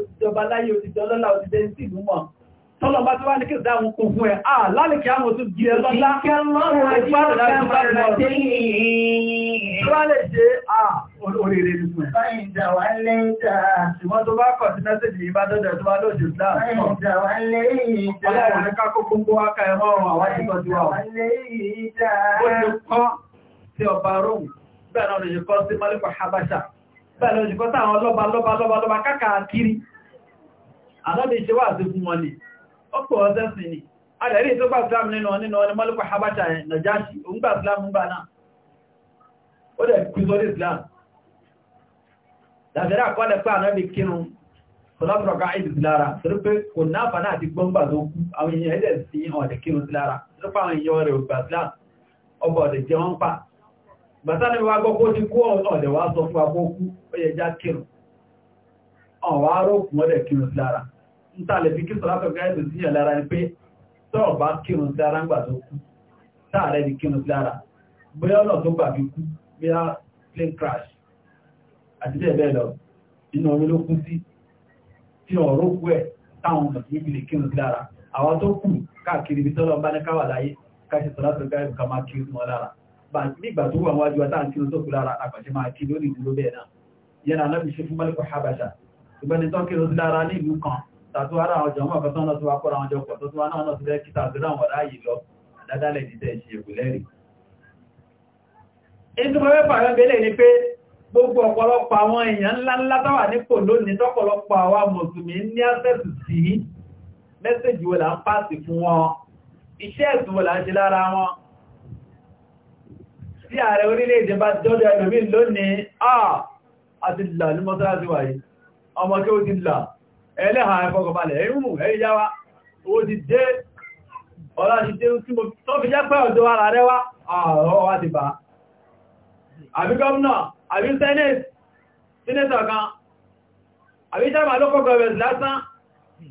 òtìjọba láyé òtìjọ lọ́lá òtìjẹ́ sí ìlú mọ̀ tọ́lọ bá tó wá ní kí dáhùn kún fún ẹ̀ àà lálẹ́kẹ́ àwọn tó gí lọ́lá Tí ọba Rome, sí Málíkọ̀ Habasha, bẹ́ẹ̀ lọ ṣùgbọ́n táwọn lọ́ba lọ́ba lọ́ba lọ́ba kákàkiri àlọ́dẹ̀ ṣe wà sí fún wọn ni ọ̀pọ̀ ọ̀sẹ̀ sí ni adẹ̀rí tó gbà islam nínú nínú ọni mọ́lùkù habata nàjáṣì òun gbà islam ń gbà náà ó dẹ̀ kú sórí islam dàbẹ̀rẹ̀ àkọọ́lẹ̀ pé ànábì kírun kọlọ́pùrọ̀gá ìdìsí lára torí pé kò náà fà náà ti gbọ́ngbà bàtánà wá gbọ́ kó ti kó ọ̀dẹ̀ wá sọ fún agbó kú oku yẹ já kírùn ọ̀wọ́ arókùn ọ̀dẹ̀ kírùn sí ara ń tààlẹ̀ fi kírùn látọ̀ gáyẹ̀tò sí yà pé kírùn sí ara ń gbà tó kú di kírùn lọ inú omi ló kú sí tí ẹ̀ táwọn fi lè kírùn sí ara nígbà tó wà wájú àtà àti olóòkú lára àpàṣẹ máa kí lórí ìdúró bẹ́ẹ̀ náà yẹn alábi ṣe fún mẹ́lẹ̀kọ̀ habasha ìgbẹ́ni tó kí lórí lára ní ìlú kan tàtó ara àwọn jọmọ́ àkọsán náà tó wá kọ́ra àwọn jọpọ̀ tó tó wá náà náà tó fẹ́ kí tàbí ráwọn ráyè lọ àdádálẹ̀ ìdíjẹ́ ìṣe ìwò lẹ́rìí èyí tó fẹ́ fàyọ́ ni pé gbogbo ọ̀pọ̀lọpọ̀ àwọn èèyàn lára wọn ààrẹ orílẹ̀-èdè bá dọ́dọ̀ ẹlòmí lónìí àà àti là ní mọ́sálásí wáyé ọmọ kí ó ti là ẹlẹ́hà ẹfọ́gọ̀balẹ̀ ẹ̀yùnmù ẹ̀yáwá owó ti dé ọlá ti dé tí mo tó fi jẹ́ pẹ́ ọ̀dọ́ ara rẹ wá ààrọ wá ti bá àbí gọ́ọ̀nà àbí sẹ́nẹ̀tọ̀ kan àbí sábà lókọ̀ gọ́ọ̀rẹ̀ lásán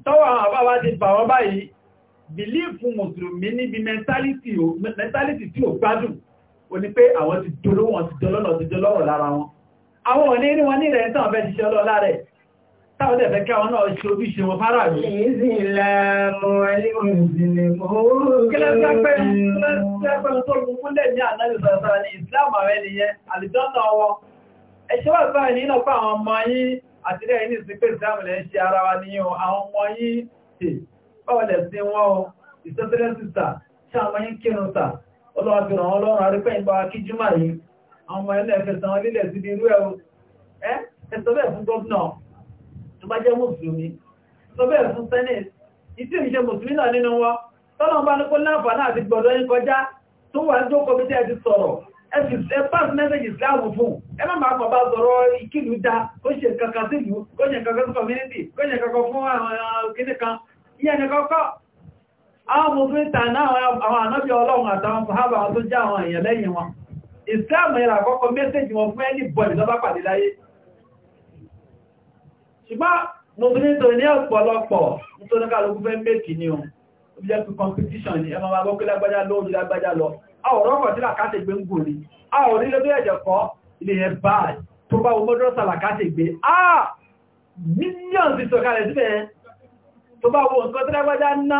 tọ́wọ́ àwọn àbáwá ti bà wọ́n báyìí bìlífù mùsùlùmí níbi mẹ́ntálítì tí ò gbádùn o ní pé àwọn ti dúró wọn ti dọ́lọ́nà ti dọ́lọ́rọ̀ lára wọn àwọn òní rí wọn ní rẹ̀ tán fẹ́ ṣiṣẹ́ lọ lára ẹ̀ táwọn tẹ̀fẹ́ kí àwọn náà ṣe ojúṣe wọn fárá mi. ẹ̀ṣẹ́ wà sáà ní ìlọ́pàá àwọn ọmọ yìí àti rẹ̀ ní ìsìnkú ìsìnkú ṣe ara wa ní àwọn ọmọ yìí tè báwọn lẹ̀ sí wọn ìsẹ́sẹ́lẹ́sìta ṣe àwọn yìí kírùn-ún ọlọ́wà fi ràn ọlọ́run àrípẹ́ ìgbà kí jímà yìí ọmọ ẹlẹ́ẹ̀kẹsàn lílẹ̀ sí irú ẹ̀wọ̀ ẹ́ ẹ̀sọ́bẹ̀ fún gọ́ọ̀nà tó bá jẹ́ mùsùlùmí sọ́bẹ̀ fún senate ìtí ìṣẹ́ mùsùlùmí náà nínú wọn tọ́lọ̀ bá ní kó láǹfààní àti gbọ̀dọ̀ yín kọjá tó wà ní jókòó bíi ti sọ̀rọ̀ ẹ pass message islam fún ẹ má máa pàbá sọ̀rọ̀ ìkìlú da ó ṣe kankan sílùú ó ṣe kankan sí community ó ṣe kankan fún àwọn àwọn mùsùlùmí tàná àwọn ànábí ọlọ́run àtàwọn sàhábà tó já àwọn èèyàn lẹ́yìn wọn islam yẹra àkọ́kọ́ mẹ́sẹ̀jì wọn fún ẹni bọ̀dì lọ́bá pàdé láyé ṣùgbọ́n mùsùlùmí tó ní ọ̀pọ̀lọpọ̀ nítorí kálukú fẹ́ mẹ́kì ni ohun ó bí competition ni ẹmọ ma gbọ́kú lágbájá lóòrùn lágbájá lọ àwòrán kọ̀ sí làkátẹ̀ gbé ń gò ní àwòrán ilé tó yẹ̀jẹ̀ kọ́ ilé yẹn báyìí tó bá wo mọ́dọ́sà ah mílíọ̀nù ti sọ̀kalẹ̀ síbẹ̀ tó bá wo nǹkan tó lágbájá ná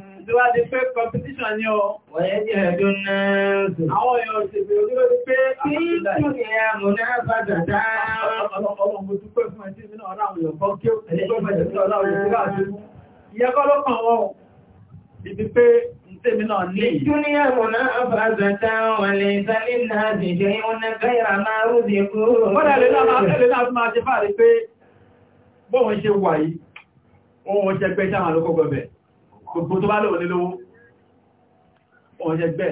ti wá di pé competition ni ọ. Wọ̀nyẹ́ jẹ́ ẹ̀dùn náà. Àwọn èèyàn ti bèèrè orí lórí pé kí ní àmú náà bá dàdá. Ọlọ́pọ̀lọpọ̀ mo dúpẹ́ fún ẹtí nínú ọ̀rọ̀ àwọn èèyàn kan kí ó tẹ̀lé tó bẹ̀rẹ̀ sí ọ̀rọ̀ àwọn èèyàn kan. Ìyẹ́ kọ́ ló kàn wọ́n. Ibi pé tèmi náà ní. Dúníà múná àbájáta wọn lè sálé náà ti jẹ́ ọ̀nà káyà máa rú di kú. Bọ́dà lè náà máa tẹ́lẹ̀ náà máa ṣe fàárí pé bọ́wọ́n ṣe wà yìí, wọ́n wọ́n ṣẹgbẹ́ sáwọn lókọ́ gbọ́bẹ̀ gbogbo tó bá lò ní lówó ọ̀ṣẹ̀gbẹ́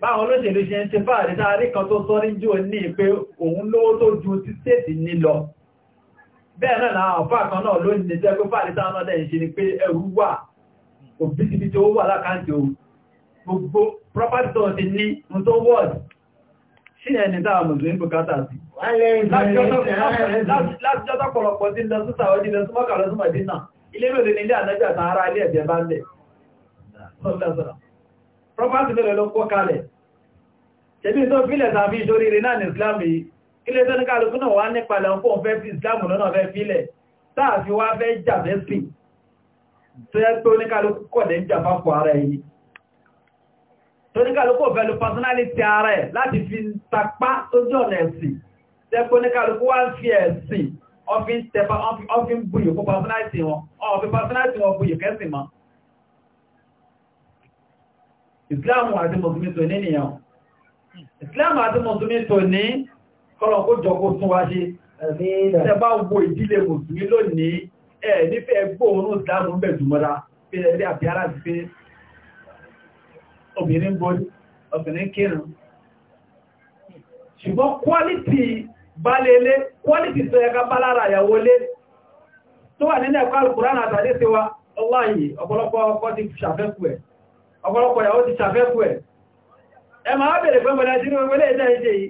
báwọn olóṣèlú ṣe ń ṣe fàárí sáàrí kan tó sọ ní jù ní pé òun lówó tó ju ti stéètì ní lọ bẹ́ẹ̀ náà náà àfá kan náà ló ní jẹ́ pé fàárí sáà náà dẹ̀ ṣe ni pé ẹrú wà òbítíbí tí wà lákàntì o gbogbo property tó ti ní ń tó wọ́d sí ẹni táà mùsùlùmí bùkátà sí láti jọ́tọ̀ pọ̀lọpọ̀ sí lọ sí sàwọ́dí lọ sí mọ́kànlọ́sí ilé mẹ́lẹ̀ ní ilé àdájà tààrà ilé ẹ̀jẹ̀ bá ń lẹ̀ property mẹ́lẹ̀ ló kọ́ kalẹ̀ ṣẹ̀bí tó fílẹ̀ tàbí ìṣòrí rẹ̀ náà ní Islam yìí ilé tó ní kálukú náà wá nípalẹ̀ ń fóun fẹ́ fi Islam lọ́nà fẹ́ fílẹ̀ táàfi wá fẹ́ jàfẹ́ sí tó yẹ pé oníkálukú kọ̀dẹ̀ ń jàfá fún ara yìí tó ní kálukú fẹ́ lu personality ọfin tẹpa ọfin buyò fún pàfínáìtì wọn ọ̀fin oh, pàfínáìtì wọn buyò kẹsì mọ́ ìsìláàmù àti mùsùlùmí tó ní nìyàn ìsìláàmù àti mùsùlùmí tó ní kọ́lọ̀ kó jọ kó tún wá ṣe tẹba wo ìdílé mùsùlùmí lónìí ẹ̀ nífẹ̀ẹ́ gbóòórùn ìsìláàmù ń bẹ̀ jùmọ́ra pẹ̀lẹ́ àbí ara ti pé obìnrin borí obìnrin kírun ṣùgbọ́n quality balele quality tó ẹka bá lára ìyàwó lé tó wà nínú ẹ̀kọ́ alùkùránà àtàdé sí wa ọláyìí ọ̀pọ̀lọpọ̀ ọkọ ti ṣàfẹ́kù ẹ̀ ọ̀pọ̀lọpọ̀ ìyàwó ti ṣàfẹ́kù ẹ̀ ẹ máa bèèrè pé mọ̀lẹ́ sí gbogbo ilé ìjẹ́ ìjẹ́ yìí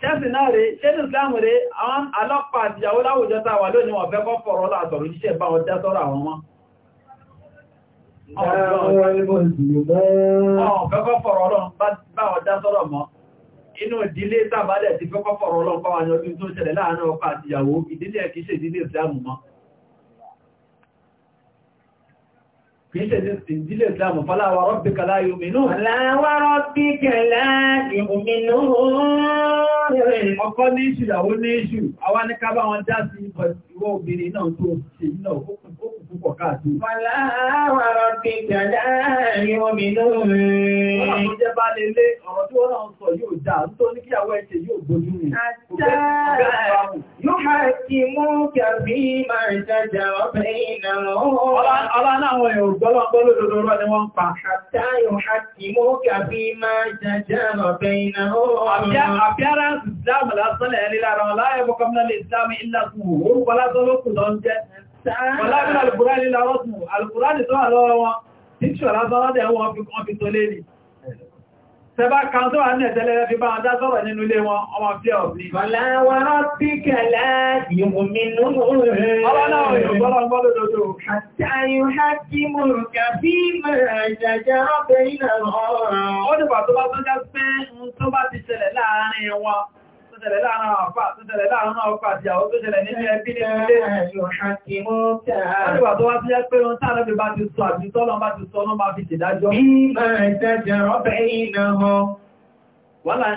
ṣẹ́sì islamu re àwọn alọ́pàá àti ìyàwó láwùjọ tá wà fọ̀rọ̀ ọlọ́run bá sọ́rọ̀ inú ìdílé tàbádẹ̀ ti fẹ́ kọ́kọ̀rọ̀ ọlọ́pàá ni ọdún tó ṣẹlẹ̀ láàárín ọkọ àti ìyàwó ìdílé ẹ̀ ṣe ìdílé ìsìlámù mọ́ kìí ṣe ìdílé ìsìlámù fọ́láwà rọ́bìkà láyé ominú ọkọ ní púpọ̀ káàkiri. Wàlá àwàrọ̀ ti jàdá yóò mi lóòrè. Ọ̀rọ̀ tó jẹ́ bá lélé, ọ̀rọ̀ tí wọ́n náà sọ yóò dáa, tó ní kíyàwó ẹ̀ṣẹ̀ yóò gbójú rìn. Yóò máa kí mú kẹ̀bí máa jàjà ọ̀fẹ́ ìnà Ọlá náà wọn yóò gbọ́lọ́gbọ́ lódodo rọ́ ni wọ́n ìsìlámù lásán lẹ́ẹ̀rí lára ọlá ẹ̀mọ́kọ́mọ́lẹ̀ ìsìlámù ìlàkùn òórùn pọ́lá tó Wọ̀lá bí alùkùrán nílá rọ́tùmù, alùkùrán tó wà lọ́wọ́ wọn, tí ṣọ̀rá sọ́rọ́ dẹ̀ fi kọ́ fi tó lé ní. Sẹba kan tó wà ní ẹ̀tẹ́lẹ́ fi bá sọ́rọ̀ nínú ilé wọn, ọmọ fi ọ̀bí. ṣẹlẹ̀ láàrin àwọn àti àwọn tó ṣẹlẹ̀ nínú ẹbí ní ilé ìwà tó wá sí jẹ́ pé ohun tààrẹ bí bá ti sọ àti tọ́lọ bá ti sọ ọ́nà máa fi ṣèdájọ́ wọ́n là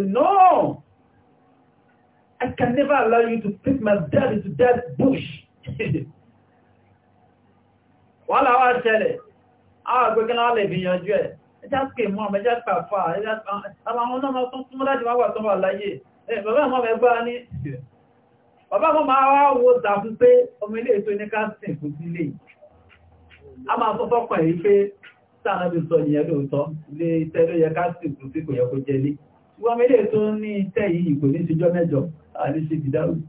no I can never allow you to pick my daddy to that bush wọ́n láwá ṣẹlẹ̀ àwọn àgbẹ́kẹ́lá lè fi yanjú ẹ̀ ẹjá pè mọ́ ẹjá pàfà ẹjá àwọn ọmọ tó kún láti wá wà tó wà láyé bàbá mọ́ mẹ́gbá ní bàbá mọ́ máa wá wo dàfún pé ọmọ ilé ètò ní káàsìn fún sílé a máa tó fọ́kàn èyí pé sáàrẹ́bí sọ ìyẹn lóòótọ́ ilé iṣẹ́ ló yẹ káàsìn fún sí kò yẹ kó jẹ́ lé wọ́n ilé ètò ní iṣẹ́ yìí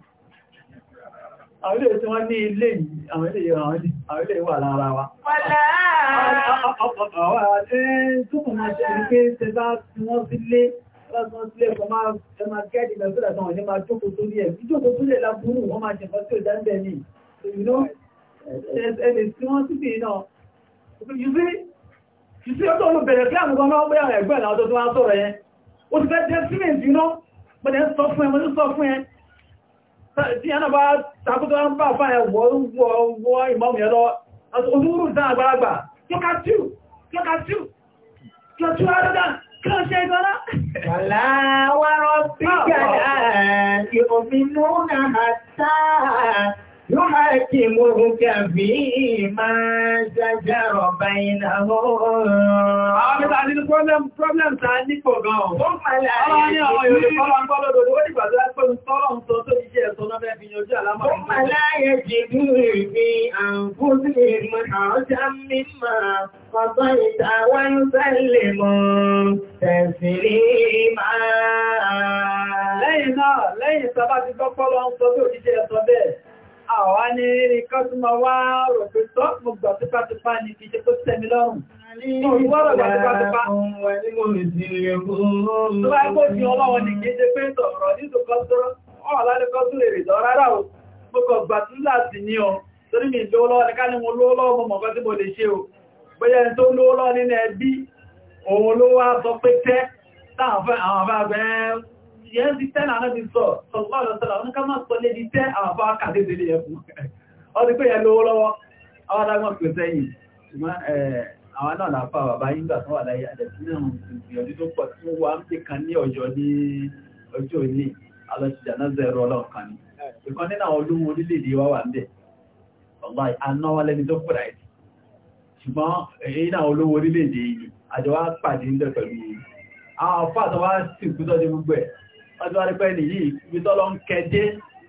àwọn ilé tí wọ́n ní ilé yìí àwọn ilé àwọn ilé wà lára wa. Wọ́lá! Àwọn àti túnmù máa ṣe ní pé ṣe bá tí wọ́n sí lé lọ́sán sílé kan máa ẹmà gẹ́ẹ̀dì mẹ́sílẹ̀ tán ní máa jókòó tó lé ẹ̀. Ìjókòó tó lè lábúrú wọ́n máa jẹ̀fọ́ sí òjá ń bẹ̀ ní. Ẹni tí wọ́n sí bí náà. Ìsí ọjọ́ ló bẹ̀rẹ̀ pé àwọn ọmọ ọmọ ẹgbẹ́ ìlànà ọjọ́ tó wá sọ̀rọ̀ yẹn. Ó ti fẹ́ jẹ́ sílẹ̀ ìdíná, pẹ̀lẹ́ sọ fún ẹ, mo ní sọ fún ẹ, tí ẹnà bá takútọ́ ń bá fà ẹ̀wọ̀ wọ́ ìmọ́mù ẹ̀lọ́ olúurú ìtàn àgbàlagbà kíọ́kàtíù kíọ́kàtíù kíọ́kàtíù àdọ́dá kíọ́ ṣe ìgbọ́nà wàlá wárọ̀ píkà يحكمه فيما شجر بينهم Àwọn mẹ́ta nínú problem ta ní pọ̀ gan-an. Ó pẹ̀lẹ̀ àyè àwọn ìròyìn fọ́lọ́n gbọ́lọ́ lòdó, ó dìgbà tó pẹ̀lú tọ́lọ̀ ń sọ tó jíjẹ́ ẹ̀sọ́ náà fẹ́ fi yanjú àlámà. Ó pẹ̀lẹ̀ àyè jìdú ìrìn àǹkúsí ìmọ̀ àọ́já mímọ̀ ọ̀tọ́ ìtàwọn sẹ́lẹ̀ mọ́ tẹ̀sìrí máa. Lẹ́yìn náà, lẹ́yìn sábà ti gbọ́ pọ́lọ́ ń sọ tó jíjẹ́ ẹ̀sọ́ bẹ́ẹ̀ àwa ní rí kọ́ tí ma wá rò pé tọ́ mo gbà tipátipá ní kí ṣe tó tẹ́mi lọ́rùn Mo rí wọ́rọ̀ gbà tipátipá. Mo rí sí rẹ̀ fún ọlọ́run. Tó bá ẹgbó ti ọlọ́run ní kí ṣe pé tọ̀rọ̀ nítorí kọ́sọ́rọ́, ọ̀lá ní kọ́sọ́rọ̀ èrè tọ́ rárá o. Mo kọ̀ gbà tí láti ní ọ, torí mi lówó lọ́wọ́ ní ká ní mo lè yẹn ti tẹ́ náà ti sọ sọ̀rọ̀ lọ́sọ̀rọ̀ ní ká máa sọ lé ní tẹ́ àbá kàdébélé ẹkùn ọdí pé yẹn lówó lọ́wọ́ àwọn adágbọ́n pè sẹ́yìn ṣùgbọ́n àwọn náà là fà bàbá yín gbà tó wà láyé àdẹ̀sí náà ìgbìyànjú tó pọ̀ tí wọ́n wá ń pè kan ní ọjọ́ ní ọjọ́ òní alọ́síjà náà zẹ̀rọ ọlọ́ọ̀kan ni ìkan nínú àwọn olóhun orílẹ̀-èdè wa wà ń bẹ̀ ọ̀gbà anáwọ́ lẹ́ni tó pọ̀ láì ṣùgbọ́n gbogbo ẹ̀ láti wá rí pẹ́ nìyí ibi tọ́lọ ń kẹ́dé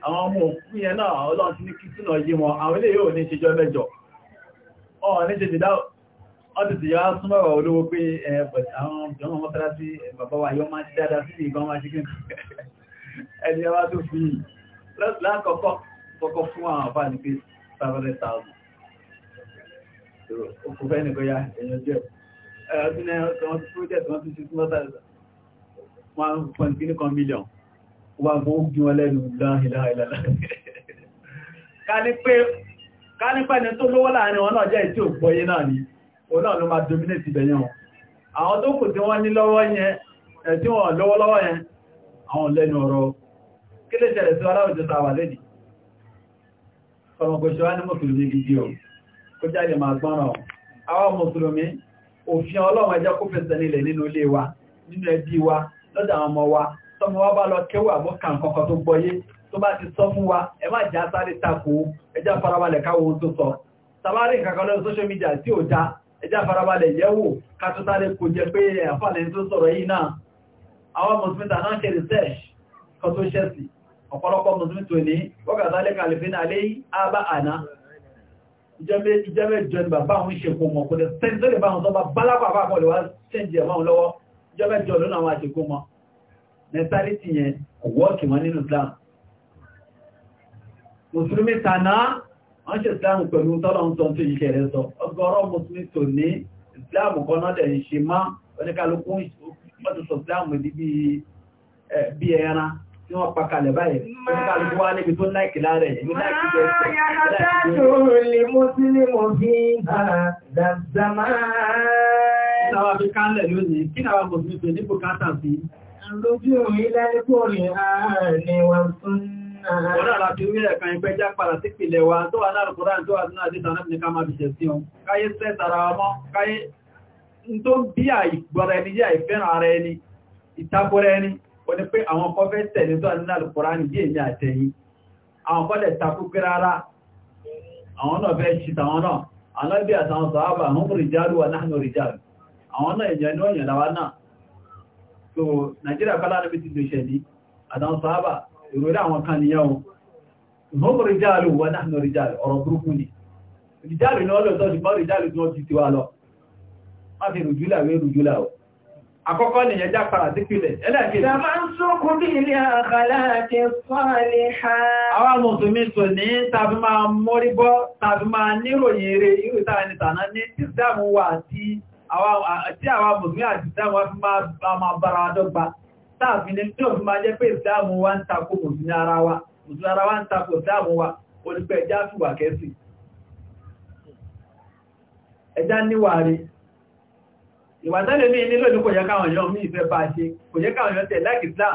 àwọn ọmọ òkú yẹn náà ọlọ́run ti ní kí sínà yí wọn àwọn ilé yóò ní ṣejọ́ mẹ́jọ ọ̀rọ̀ ní ṣe ti dá ọdí ti yá súnmọ́rọ̀ olówó pé àwọn ọmọ mọ́tàlá sí bàbá wa yọ máa ti dáadáa sí ìgbọ́n máa ṣe kíkọ́ ẹni pé 700,000 1.3 million wà fún ogun wọn lẹ́nu láàrínláàrínláà ká ní pẹ́ni tó lówó láàrin wọn náà jẹ́ ìtí òpóyé náà ni òun náà ló máa dominate ìbẹ̀yàn àwọn tó kù tí wọ́n ní lọ́wọ́ yẹn ẹ̀tí wọn lọ́wọ́lọ́wọ́ yẹn àwọn lẹ́nu ọ̀rọ̀ kí lè ṣẹlẹ̀ sí aláwùjọ tàwà lẹ́dì ọmọkòṣe wá ní mùsùlùmí gidi o kó jáde máa gbọ́nà àwọn mùsùlùmí òfin ọlọ́run ẹjẹ́ kó fẹsẹ̀ nílẹ̀ nínú ilé wa nínú ẹbí wa lọ́dọ̀ àwọn ọmọ wa tọ́mọ wa bá lọ kéwà bó kàn kankan tó gbọ́yé tó bá ti sọ fún wa ẹ má jà sáré tako ẹjá farabalẹ̀ káwo tó sọ tàbárí kankan lọ́dọ̀ social media tí ò já ẹjá farabalẹ̀ yẹ̀wò kátó sáré kò jẹ pé àfàlẹ̀ tó sọ̀rọ̀ yìí náà research kan tó ṣẹ́sì ọ̀pọ̀lọpọ̀ mùsùlùmí tó ní wọ́gàtálẹ̀ kalifin alẹ́ àbá àná ìjẹ́mẹ́jọ ni bàbá àwọn ìṣẹ̀kùn mọ̀ kò lè sẹ́ńtẹ́lẹ̀ báwọn tó bá bálápàá pàpọ̀ jọ́bẹ́jọ́ lónà àwọn àṣekó mọ́ nẹ́sàrítì yẹn kò wọ́ọ̀kì mọ́ nínú Islam mùsùlùmí tàná wọ́n ṣe Islam pẹ̀lú tọ́lọ́un tó ń tó yíṣẹ́ rẹ̀ ṣe má oníkálukú mọ́tò sọ Islam bí ẹran tí wọ́n pa kalẹ̀ báyìí oníkálukú wá níbi tó láìkì láàrẹ̀ ìlú láìkì Ìtàwà fi káńlẹ̀ lónìí, kí náà kò fi pè nípò káńtà sí? Lójú orí lálẹ́kò rí ààrin wa fún náà. Wọ́n náà láti orí ẹ̀kan ìgbẹ́já padà sí pìlẹ̀ wa tó wà náà kúrò tó wà náà dé tànà ní ká máa fi wọn. Káyé sẹ́ ní pé àwọn kan ní Àwọn kan lẹ̀ takú pé náà fẹ́ ṣìtàwọn náà, àlọ́bí àtàwọn sọ̀hábà, àwọn wà náà rìjálù àwọn náà èèyàn ní ọ̀yàn láwá náà so Nigeria kọ́lá níbi ti dòṣẹ̀ ní àdáwọn sọ́ábà ìròrí àwọn kan níyàwó ìmọ́kù ríjálù wọ́n náà ríjálù ọ̀rọ̀ burúkú ni ríjálù ní ọlọ́tọ́ ti bọ́ ríjálù tí wọ́n ti ti wá lọ wọ́n fi rùjúlà wé rùjúlà o àkọ́kọ́ ni ẹjá para sí pílẹ̀ ẹlẹ́gbẹ̀rẹ̀ ati àwọn mùsùlùmí àti ìsìláàmù wá fi máa bára taa táàfin ní tí ó fi máa jẹ́ pé wá ń ara wa mùsùlùmí ara wa ń takò ìsìláàmù wa olùpẹ̀ ẹjá fìwà kẹ́sì ẹjá níwàárí ìwàtẹ́lẹ̀ mí nílò ní kò yẹ káwọn èèyàn mí ìfẹ́ bá ṣe kò yẹ káwọn tẹ̀ láìkì islam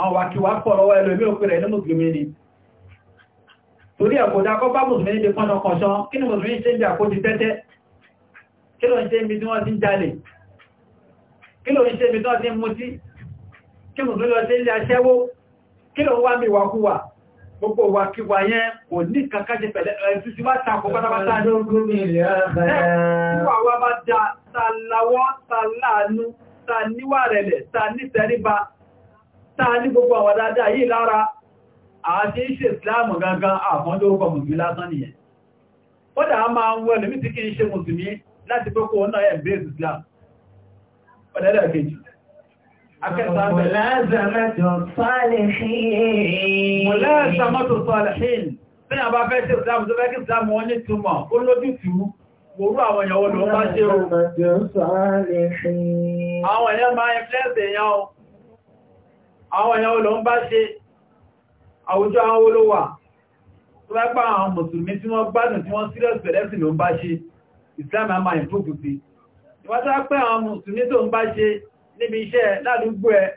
àwọn wàkíwà pọ̀ lọ́wọ́ ẹlòmí òkú rẹ̀ ní ni torí ẹ̀kọ́dá kọ́ bá mùsùlùmí ní pọ́nà kọ̀ṣán kí ni mùsùlùmí ṣe ń bí àkójí tẹ́tẹ́ kí ló ń ṣe ibi tí wọ́n ti ń jalè kí ló ń ṣe ibi tí wọ́n ti ń mutí kí mùsùn wá mi wàkúwà gbogbo wàkíwà yẹn kò ní kankan ṣe pẹ̀lẹ́ ẹ̀sù ti wá tako pátápátá ní wà bá da ta láwọ́ ta láàánú ta níwà rẹ̀lẹ̀ ta nítẹríba ta ní gbogbo àwọn dáadáa yìí lára àti ìṣe ìsìláàmù gangan àfọ́ndórúkọ mùsùlùmí lásán nìyẹn ó dà á máa ń wẹ́lẹ̀ mí tí kí ń ṣe mùsùlùmí láti pé kó náà ẹ̀ bẹ́ẹ̀ kejì àwùjọ àwọn olówà tó bá pàwọn mùsùlùmí tí wọ́n gbádùn tí wọ́n serious pẹ̀lẹ́sì ló ń bá ṣe Islam a máa ìfúgbù sí. Ìwọ́n tó pẹ́ àwọn Mùsùlùmí tó ń bá ṣe níbi iṣẹ́ ládùúgbò ẹ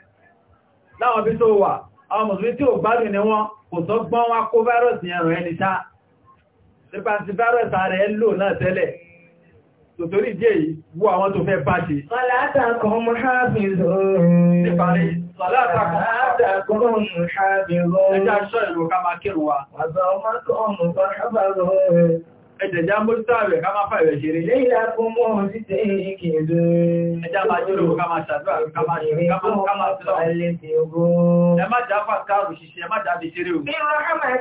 láwọn bí tó wà, àwọn Mùsùlùmí tí ò gbádùn ní wọn kò tó gbọ́n wá kó fáírọ̀sì yẹn rẹ̀ níta. Sípàtí fáírọ̀sì ààrẹ lò náà tẹ́lẹ̀. Tòtórí díẹ̀ yìí wú àwọn tó fẹ́ bá ṣe. Sọ́látàkùn ẹ̀jẹ̀já mọ́lítà rẹ̀ ká máa fàìrẹ̀ ṣeré. Léìlá fún mọ́ sí tẹ́ Ẹjá máa jẹ́rò ká máa ṣàdúrà ká máa ṣeré ká máa sílọ̀. Ẹ má já fàkàrù ṣiṣẹ́, ẹ má já fi ṣeré o. Bí Ráhámà máa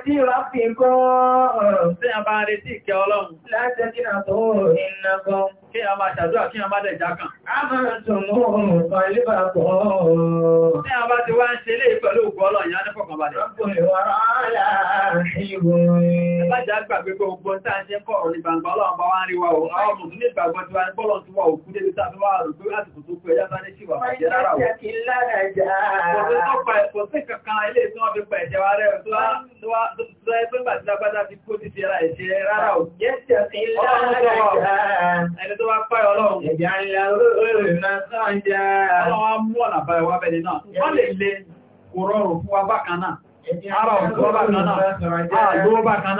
ṣàdúrà kí máa ṣe lé pẹ̀lú ṣe kọ̀rọ̀ ní gbangba ọlọ́run wá rí wa òun àwọn mùsùlùmí ìgbàgbọ́ tí wá ní bọ́lọ̀ tí wà òkú débi tàbí wà rò pé láti kùtù pé ẹjá sáré sí wà pàṣẹ fún wa bákan náà. òkú wa bákan náà. àlọ́ bákan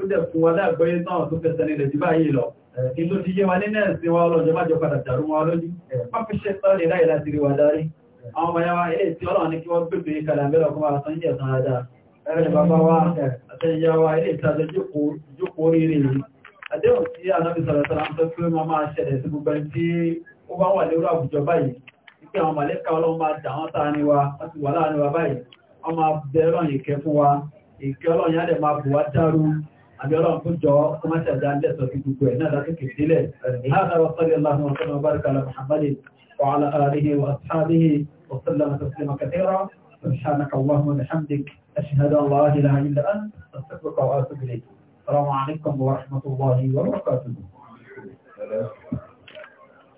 ó dẹ̀ fún wa láàgbọ́yé náà tó fẹsẹ̀ nílẹ̀ jù báyìí lọ ìlú ti yé wa ní nẹ́ẹ̀sì wa ọlọ́jọ́ májọ padà jàrú wọn lójú má fi ṣe sọ́ lè láì láti rí wa darí àwọn ọmọ yawa ilé tí ọlọ́run ní kí wọ́n gbèsè kalẹ̀ àmì ọkùnrin wa sàn yẹ̀ sàn dáadáa ẹ̀rẹ̀ bàbá wa àtẹ̀yà wa ilé ìtajọ jókòó ìkẹ́ ọlọ́run yá dẹ̀ máa bù wá dárú أجرام كنتو وما تأذان لأسوا في كوكوين هذا تكي سيلي هذا وصلي الله وسلم وبارك على محمد وعلى آله وأصحابه وسلم تسليما كثيرا سبحانك اللهم وبحمدك أشهد أن لا إله إلا أنت أستغفرك وأتوب إليك السلام عليكم ورحمة الله وبركاته